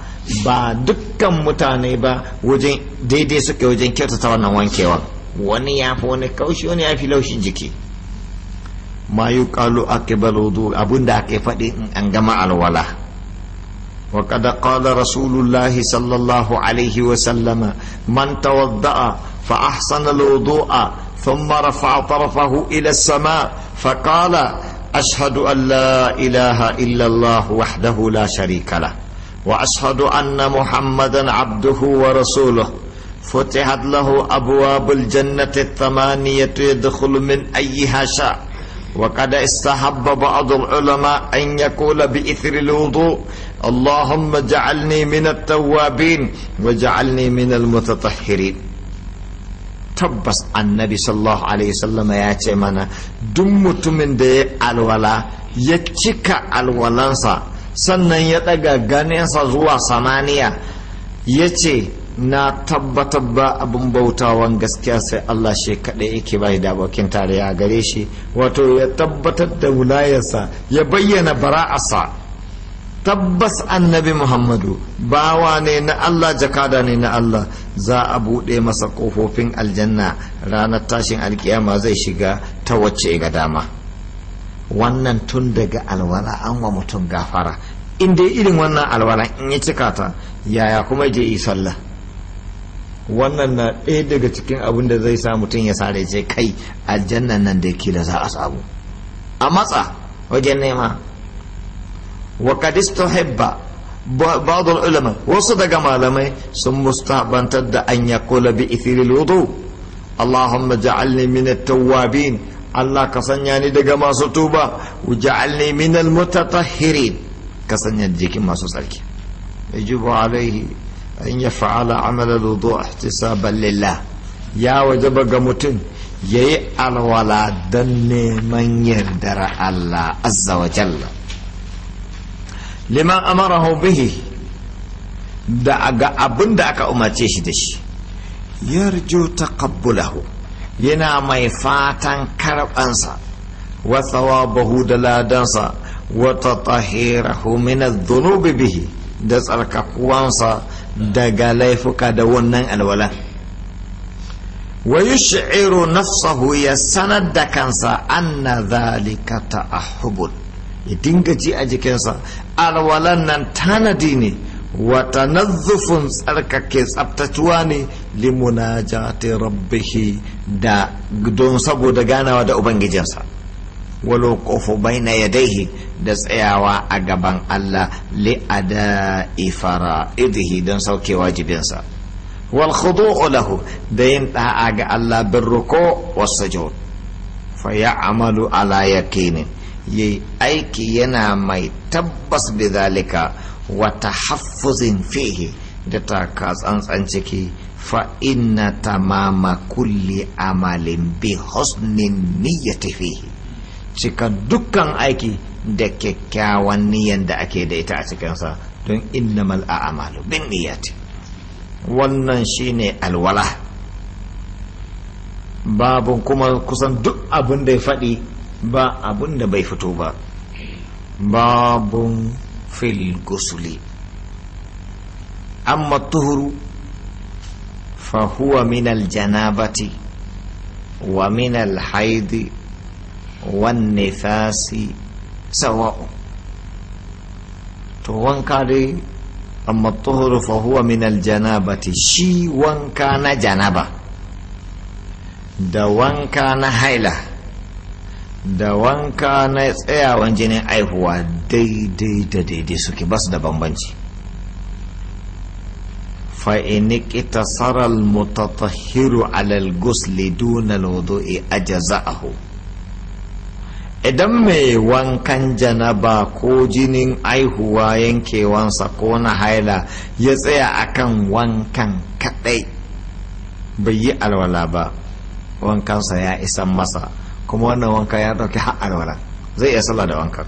ba dukkan mutane ba wajen daidai suke wajen kyautata wannan wankewa wani ya fi wani kaushi wani ya fi laushin jiki ma yi kalu akibal wudu da ake faɗi in an gama alwala wa kada qala rasulullahi sallallahu alaihi wa sallama man tawadda'a fa ahsana alwudu'a thumma rafa'a tarfahu ila sama fa qala أشهد أن لا إله إلا الله وحده لا شريك له وأشهد أن محمدا عبده ورسوله فتحت له أبواب الجنة الثمانية يدخل من أيها شاء وقد استحب بعض العلماء أن يقول بإثر الوضوء اللهم اجعلني من التوابين واجعلني من المتطهرين tabbas annabi sallallahu alaihi sallama ya ce mana duk mutumin da ya alwala ya cika alwalansa sannan ya ɗaga ganinsa zuwa samaniya ya ce na tabbatar ba abin bautawan gaskiya sai Allah shi kaɗai yake ba da abokin ya gare shi wato ya tabbatar da wulayarsa ya bayyana bara'arsa tabbas annabi muhammadu bawa ne na allah jakada ne na allah za a buɗe masa ƙofofin aljanna ranar tashin alkiyama zai shiga ta wacce ga dama wannan tun daga alwala an wa mutum gafara in dai irin wannan alwala in ya cika ta yaya kuma je yi sallah wannan na ɗaya daga cikin abin da zai sa mutum ya sare ce kai aljannan nan da kila za a samu a matsa wajen nema wa kadisto hebba ba'adul ulama wasu daga malamai sun mustabantar da an yakula bi ithiril wudu allahumma ja'alni min tawwabin allah ka ni daga masu tuba wa ja'alni min al mutatahhirin ka sanya masu tsarki yajibu alaihi an yaf'ala amala al wudu ihtisaban lillah ya wajaba ga mutum yayi alwala dan neman yardar allah azza wa jalla lima amarahu bihi da ga abin da aka umarce shi da shi yarju taqabbulahu yana mai fatan karbansa wa thawabahu da ladansa wa tatahirahu min adh-dhunubi bihi da tsarkakuwansa daga laifuka da wannan alwala wa yush'iru nafsahu ya sanar da kansa anna dhalika ta'ahhubun ya dinga ji a jikinsa alwalan nan tanadi ne wata nazufin tsarkake tsabtatuwa ne limunajati rabbihi da don saboda ganawa da ubangijinsa walo na na yadaihi da tsayawa a gaban Allah li'ada ifara idihi don sauke wajibinsa wal lahu da yin ɗa'a ga Allah bin ruku wasu fa fa amalu ala yakinin ya aiki yana mai tabbas bizalika zalika wata haffuzin fihi da ta tsantsan ciki fa inna tamama kulli amalin bi husnin ta fihi cika dukkan aiki da kyakkyawan niyan da ake da ita a cikinsa don a a'malu bin niyyati wannan shine alwala babu kuma kusan duk abin da ya faɗi ba abun da bai fito ba babun fil gusuli amma tuhuru fahuwa minal janabati wa minal haidi wan nifasi sawa'u to wanka dai amma tuhuru fahuwa minal janabati shi wanka na janaba da wanka na haila da wanka na tsayawan jinin aihuwa daidai da daidai suke ba su da bambanci fa'iniki tasarar mutatahiru alal gusli dunal wudu'i a jaza'ahu idan mai wankan janaba ko jinin aihuwa yankewansa ko na haila ya tsaya akan wankan kadai bai yi alwala ba wankansa ya isan masa kuma wannan wanka ya dauki har alwala zai iya sallah da wanka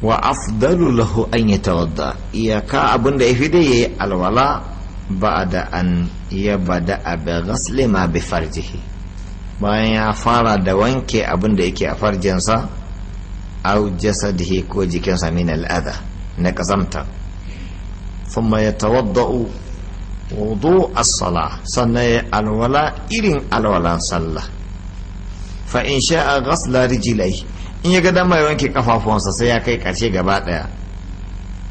wa afdalu lahu an yatawadda iyaka abinda yafi ya yayi alwala ba'da an yabda bi ghasli ma bi farjihi bayan ya fara da wanke abinda yake a farjinsa aw jasadihi ko jikinsa min al'adha na kazamta thumma yatawadda'u wudu as-sala sannan ya alwala irin alwalan sallah fa in sha'a ghasla rijlai in ya ga dama ya wanke kafafuwansa sai ya kai karshe gaba daya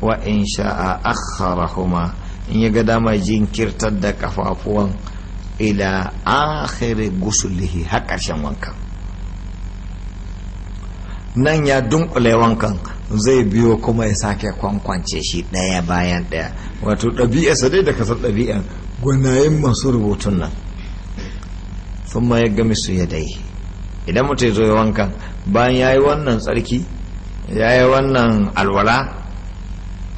wa in sha'a akharahuma in ya ga dama jinkirtar da kafafuwan ila akhiri gusulihi har karshen wankan nan ya dunkule wankan zai biyo kuma ya sake kwankwance shi ɗaya bayan ɗaya wato ɗabi'arsa dai da kasar ɗabi'ar gwanayen masu rubutun nan sun ma ya gami su ya dai idan mutum zo wankan bayan ya yi wannan tsarki ya yi wannan alwala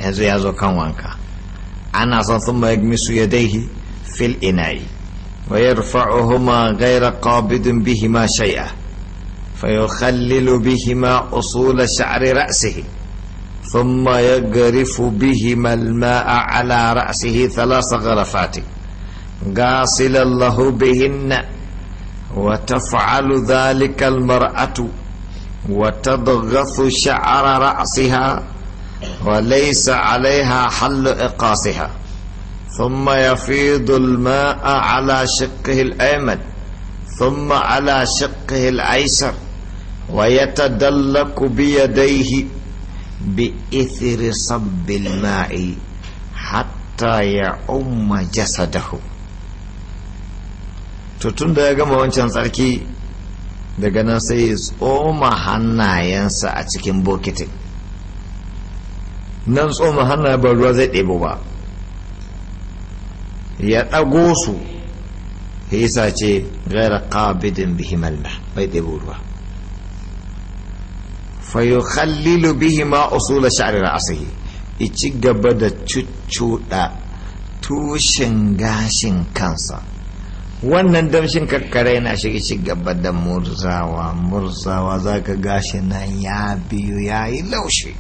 yanzu ya zo kan wanka ana son sun ma ya gami su ya dai fil inayi wa yarfa'uhuma gaira bihi bihima shai'a. فيخلل بهما أصول شعر رأسه ثم يجرف بهما الماء على رأسه ثلاث غرفات غاسلا الله بهن وتفعل ذلك المرأة وتضغط شعر رأسها وليس عليها حل إقاصها ثم يفيض الماء على شقه الأيمن ثم على شقه الأيسر ويتدلك بيديه بإثر صب الماء حتى يعم جسده tutun da ya gama wancan tsarki daga nan sai ya tsoma hannayensa a cikin bokitin nan tsoma hannayen ba ruwa zai ɗebo ba ya ɗago su ya isa ce gaira ƙabidin bihimal bai ɗebo ruwa fa khalilu bihi ma usula sha'ri ra'sihi ichi gaba da cuccuda tushen gashin kansa wannan damshin kakkare na shiga ichi gaba da murzawa murzawa zaka gashi nan ya biyu yayi laushi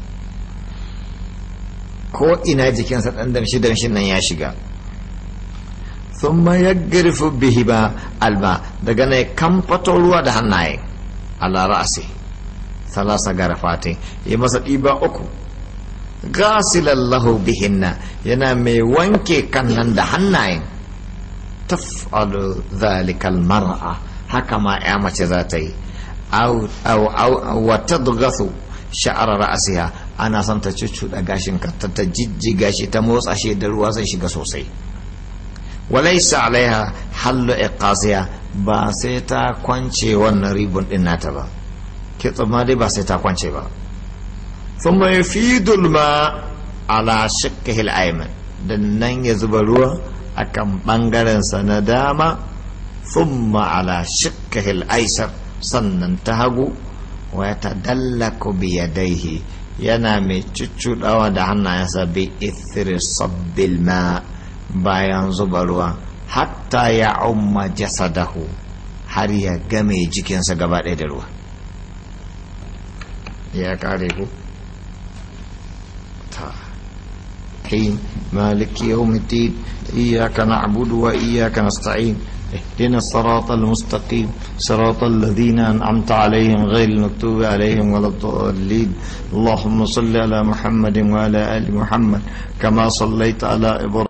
ko ina jikinsa dan damshi damshin nan ya shiga thumma yagrifu bihi ba alba daga ne kamfato ruwa da hannaye ala ra'si salasa garafatin ya masa ɗiba uku gasilallahu bihinna yana mai wanke kan nan da hannayen taf'alu zalikal mar'a haka ma ya mace za ta yi wa tadghathu sha'ar ra'siha ana son ta cuccuɗa gashin ta ta jijjiga shi ta motsa shi da ruwa zai shiga sosai walaisa alaiha hallu iqasiya ba sai ta kwance wannan ribon din nata ba ke ma dai ba sai ta kwance ba sun mai fi dulma ala shikkahil aiman dan nan ya zuba ruwa akan bangaren sa na dama thumma ala shikkahil aisar sannan ta hagu wa ya tadallaku bi yadaihi yana mai cuccudawa da hannayensa bi ithri sabbil ma bayan zuba ruwa hatta ya umma jasadahu har ya game jikinsa gaba ɗaya da ruwa ya kare ku ta hin maliki yawmiddin iyyaka na'budu اهدنا الصراط المستقيم صراط الذين أنعمت عليهم غير المكتوب عليهم ولا الضالين اللهم صل على محمد وعلى آل محمد كما صليت على إبراهيم